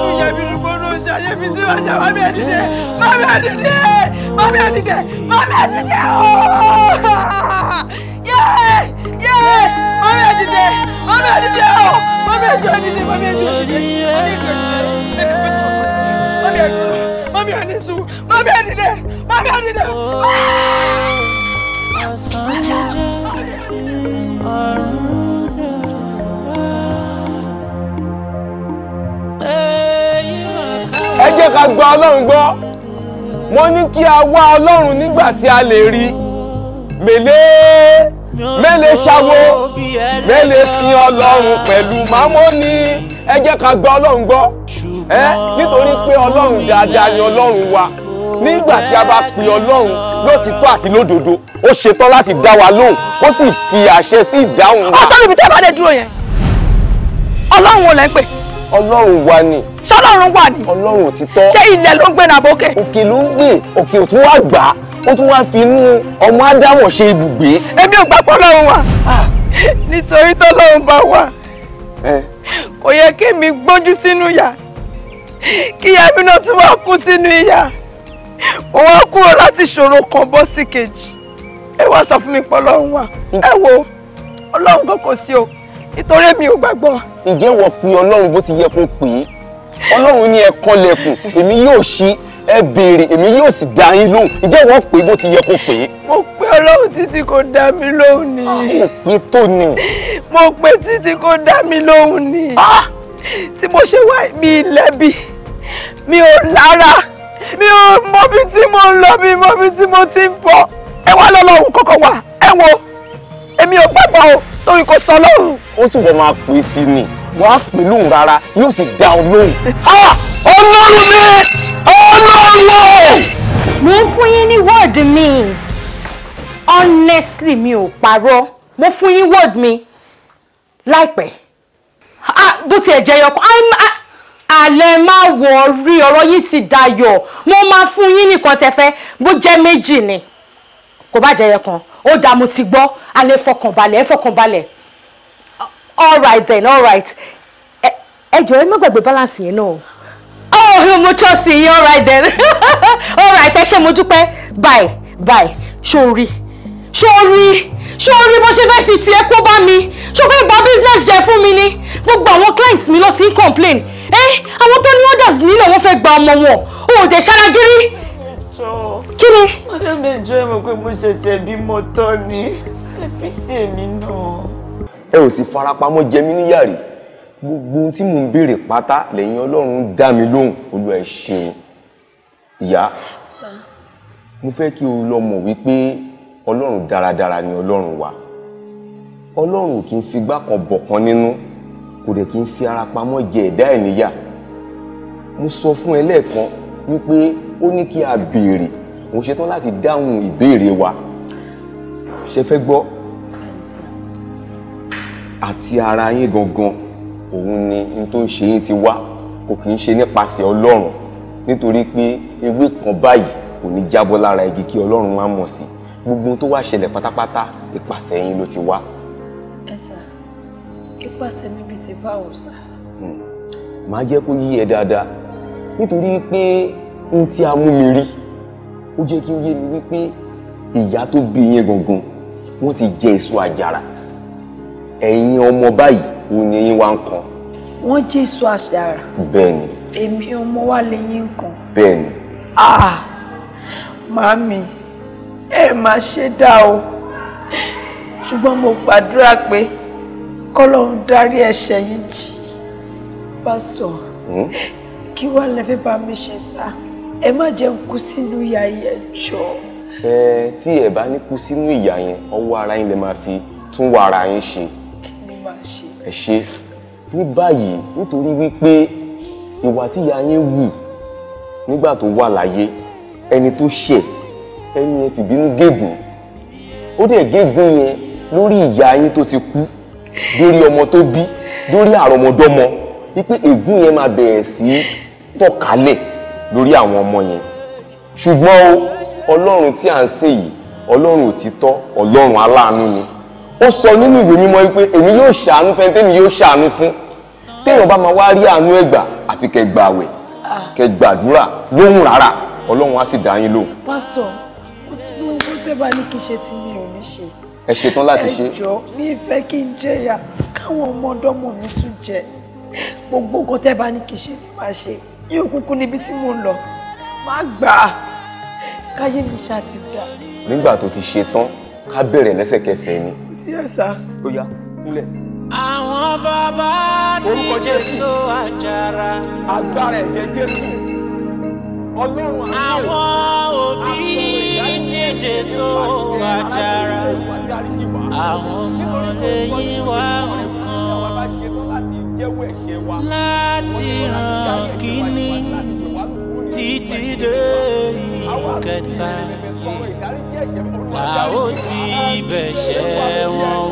S2: ló ṣe ayé mi ti bàjẹ́ mami ẹ nílẹ mami ẹ nílẹ mami ẹ nílẹ mami ẹ nílẹ
S4: o yẹ yẹ dìde mọ́mí ẹ dìde o mọ́mí ẹ jọ dìde mọ́mí ẹ jẹ́
S5: ká gba ọlọ́run gbọ́ wọ́n ní kí a wá ọlọ́run nígbà tí a lè rí mèlé mẹ́lẹ̀ ṣàwo mẹ́lẹ̀ sin ọlọ́run pẹ̀lú màmọ́ni ẹ jẹ́ ká gba ọlọ́run gbọ́ ẹ nítorí pé ọlọ́run dáadáa ni ọlọ́run wa nígbà tí a bá pe ọlọ́run lótìtọ́ àti lódodo ó ṣetán láti dá wa lóhùn ó sì fi àṣẹ sí ìdáhùn wa. ọ̀tọ̀ níbi tẹ́ bá lè dúró yẹn ọlọ́run ò lẹ́ ń pè. ọlọ́run wa ni. ṣọlọ́run wà ní. ọlọ́run òtítọ́. ṣé ilẹ̀ ló ń gbé nàbókè. òkè ló ń gbé òkè òtún wá gbà á ó tún wá fi inú ọmọ ádámọ̀ ṣe ibùgbé.
S2: èmi ò gbà pé ọlọ́run wà ah,
S5: nítorí tọ́lọ́run bá wà
S2: kò yẹ kí mi gbójú sínú yà kí ìyá mi náà tún wá kú sínú ìyà mo wá kúrò láti ṣòro kan bọ́ sí kejì ẹ wá sọ fún mi pé ọlọ́run
S5: wà ẹ wo ọlọ́run kan kò sí o nítorí èmi ò gbàgbọ́. ǹjẹ́ wọ́n pe ọlọ́run bó ti yẹ kó pè é ọlọ́run ní ẹ kọ́lẹ̀kùn èmi yóò ṣí ẹ béèrè èmi yóò sì dá yín lóhùn ǹjẹ́ ìwọ́n pè bó ti yẹ kó pè é. mo pe ọlọ́run títí kò dá mi lóhùn ni. Ah, mo pe tó ni. mo pe títí kò dá mi lóhùn ni. Ah!
S2: tí mo ṣe wá mi lẹ́bi mi ò lára mi
S5: ò mọbi tí mo ń lọ mi mọbi tí mo ti ń bọ̀ ẹ wá lọ́lọ́run kọ́kọ́ wà ẹ wo èmi ò gbàgbọ́ o torí kò sọ lọ́run. ó túbọ̀ máa pè sí ni wàá pè lóhùn rárá yóò sì dá ọ lóhùn. ọlọ́run ni ọlọ́wọ́.
S2: mo ń fún yín ní word mi honestly mi ò parọ́ mo fún yín word mi láìpẹ́ ah, bó tiẹ̀ jẹyọ kan ah, alẹ́ máa wọ̀ rí ọ̀rọ̀ yìí ti dayọ̀ mo máa fún yín nìkan tẹ́fẹ́ bó jẹ́ méjì ni kò bá jẹyọ kan ó dá mo ti gbọ́ alẹ́ fọkànbalẹ̀ ẹ fọkànbalẹ̀ all right then all right ẹ jọ̀ọ́ ẹ má gbàgbé balance yẹn náà oh mo trust yín all right then all right ẹ ṣé mo dúpẹ́ bye bye ṣóorí ṣóorí ṣóorí bó ṣe fẹ́ fi tiẹ̀ kó bá mi ṣó fẹ́ bà business jẹ́ fún mi ni gbogbo àwọn clients mi ló ti ń complain ẹ eh, àwọn tó ní orders nílẹ̀ wọ́n fẹ́ gba ọmọ wọn o ò dẹ̀ ṣaragírí. kí ni. ọ̀rẹ́ mi jọ ẹ̀ mọ̀ pé mo ṣẹ̀ṣẹ̀ bímọ tán ni ẹ fi tì èmi náà.
S5: ẹ ò sì farapamọ́ jẹ mí níyà rí gbogbo tí mò ń béèrè pátá lẹ́yìn ọlọ́run dá mi lóhùn olú ẹ̀ ṣeun ìyá mo fẹ́ kí o lọ mọ̀ wípé ọlọ́run dáradára ni ọlọ́run wa ọlọ́run kì í figbá kan bọ̀kan nínú kò dẹ̀ kì í fi ara pamọ́ jẹ ẹ̀dá ẹ̀ níyà mo sọ fún ẹ lẹ́ẹ̀kan wípé ó ní kí a béèrè mo ṣetán láti dáhùn ìbéèrè wa ṣe fẹ́ gbọ́ àti ara yín gangan òun ni n tó ń ṣe yín ti wá kò kì í ṣe nípasẹ̀ ọlọ́run nítorí pé ewé kan báyìí kò ní jábọ́ lára igi kí ọlọ́run má mọ̀ sí gbogbo tó wá ṣẹlẹ̀ pátápátá ìpàṣẹ yín ló ti wá.
S2: ẹ sà ìpàṣẹ mi bíi ti báwo sà.
S5: Hmm. màá jẹ́ kó yí ẹ dáadáa nítorí pé n tí a mú mi rí ó jẹ́ kí n yé mi wípé ìyá tó bí yín gangan wọ́n ti jẹ èso àjàrà ẹ̀yin ọmọ báyìí ó ní eyín wá ń kan.
S2: wọ́n jésù àṣàrà. bẹ́ẹ̀ni. èmi ọmọ wa lè yín kan. bẹ́ẹ̀ni. ah màmí ẹ má ṣe dá o ṣùgbọ́n mo gbàdúrà pé kọ́lọ́hún dárí ẹ̀ṣẹ̀ yín jì pásítọ̀ hmm? kí wàá lẹ fẹ́ bá mi ṣe sá ẹ má jẹ́ n kú sínú ìyà yẹn jọ.
S5: ẹ tí ẹ bá ní kú sínú ìyà yẹn ọwọ́ ara yín lè máa fi tún wàrà yín ṣe ẹ ṣe ní báyìí nítorí wípé ìwà tí ìyá yín wù nígbà tó wà láyé ẹni tó ṣẹ̀ ẹni yẹn fìbínú gégùn ó dẹ̀ gégùn yẹn lórí ìyá yín tó ti kú lórí ọmọ tó bí lórí àrọmọdọ́mọ wípé ègún yẹn máa bẹ̀rẹ̀ sí tọ̀kálẹ̀ lórí àwọn ọmọ yẹn ṣùgbọ́n o ọlọ́run tí à ń sè yìí ọlọ́run òtítọ́ ọlọ́run aláàánú ni ó sọ nínú ìwé mímọ́ wípé èmi yóò ṣàánú fẹ́ tẹ́mi yóò ṣàánú fún téèyàn bá máa wá rí àánú ẹ̀gbà àfi kẹgbàwẹ̀ kẹgbàdúrà lóhùn rárá ọlọ́run á sì dá yín lóhùn.
S2: pásítọ̀ mo ti mú owó tẹ́bà ní kí ṣe tí mi ò ní ṣe.
S5: ẹ ṣetán láti ṣe. ẹjọ
S2: mi fẹ́ kí n jẹyà káwọn ọmọdọ́mọ mi tún jẹ gbogbo nǹkan tẹ́bà ní kí ṣe ni màá ṣe ní òkùnkùn níbi tí mo ń lọ má gbà á káyé mi ṣáà ti dà.
S5: nígbà tó ti ṣetán ká bẹ̀rẹ̀ lẹ́sẹ̀kẹsẹ̀ ni díẹ̀ sá. ó yá kúnlẹ̀. àwọn bàbá ti Jésù àjàrà. agbára ẹ̀jẹ̀ Jésù. ọlọ́run àná. àwọn òbí ti Jésù àjàrà.
S4: àwọn ọmọdé yìí wá
S5: nǹkan. láti ràn
S4: kíní títí dé ìkẹta
S1: a ó ti
S4: bẹ̀ṣẹ̀ wọn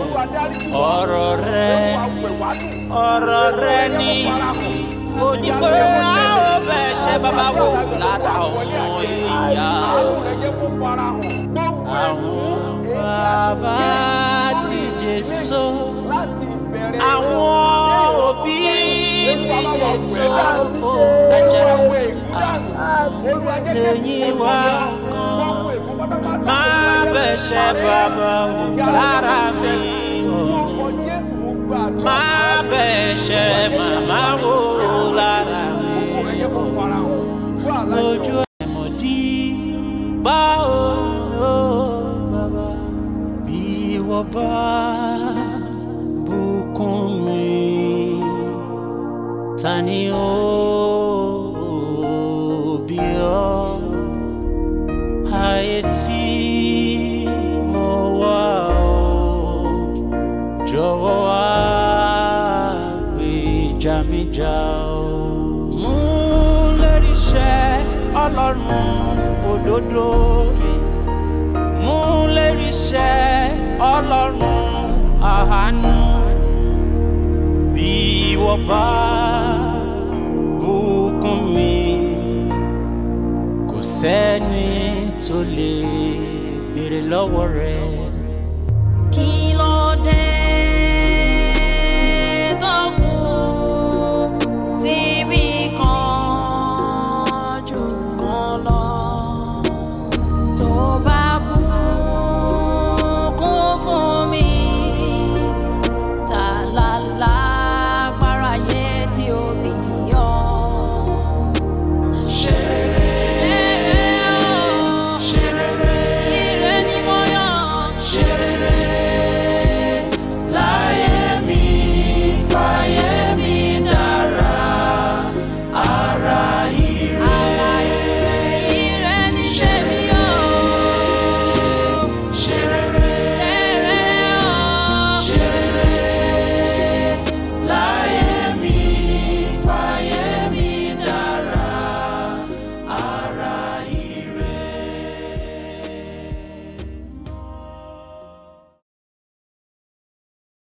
S4: ọ̀rọ̀ rẹ
S3: ọ̀rọ̀ rẹ ni
S4: ó ní pé a ó bẹ̀ṣẹ̀ bàbá wò lára ọmọ ìyá àwọn
S1: bàbá
S4: ti Jésù àwọn òbí ti Jésù lẹ́yìn wá kan má bẹ̀ṣẹ̀ bàbá wò
S1: lára mi má bẹ̀ṣẹ̀ màmá wò lára mi ojú ẹ̀mọ̀dí bá o bàbá bí
S4: wọ́n bá bùkún mi
S1: ọlọ́run òdodo mú lérí iṣẹ́ ọlọ́run àánú bí ìwọ bá bùkún mi kò sẹ́ni tó lè béèrè lọ́wọ́ rẹ̀.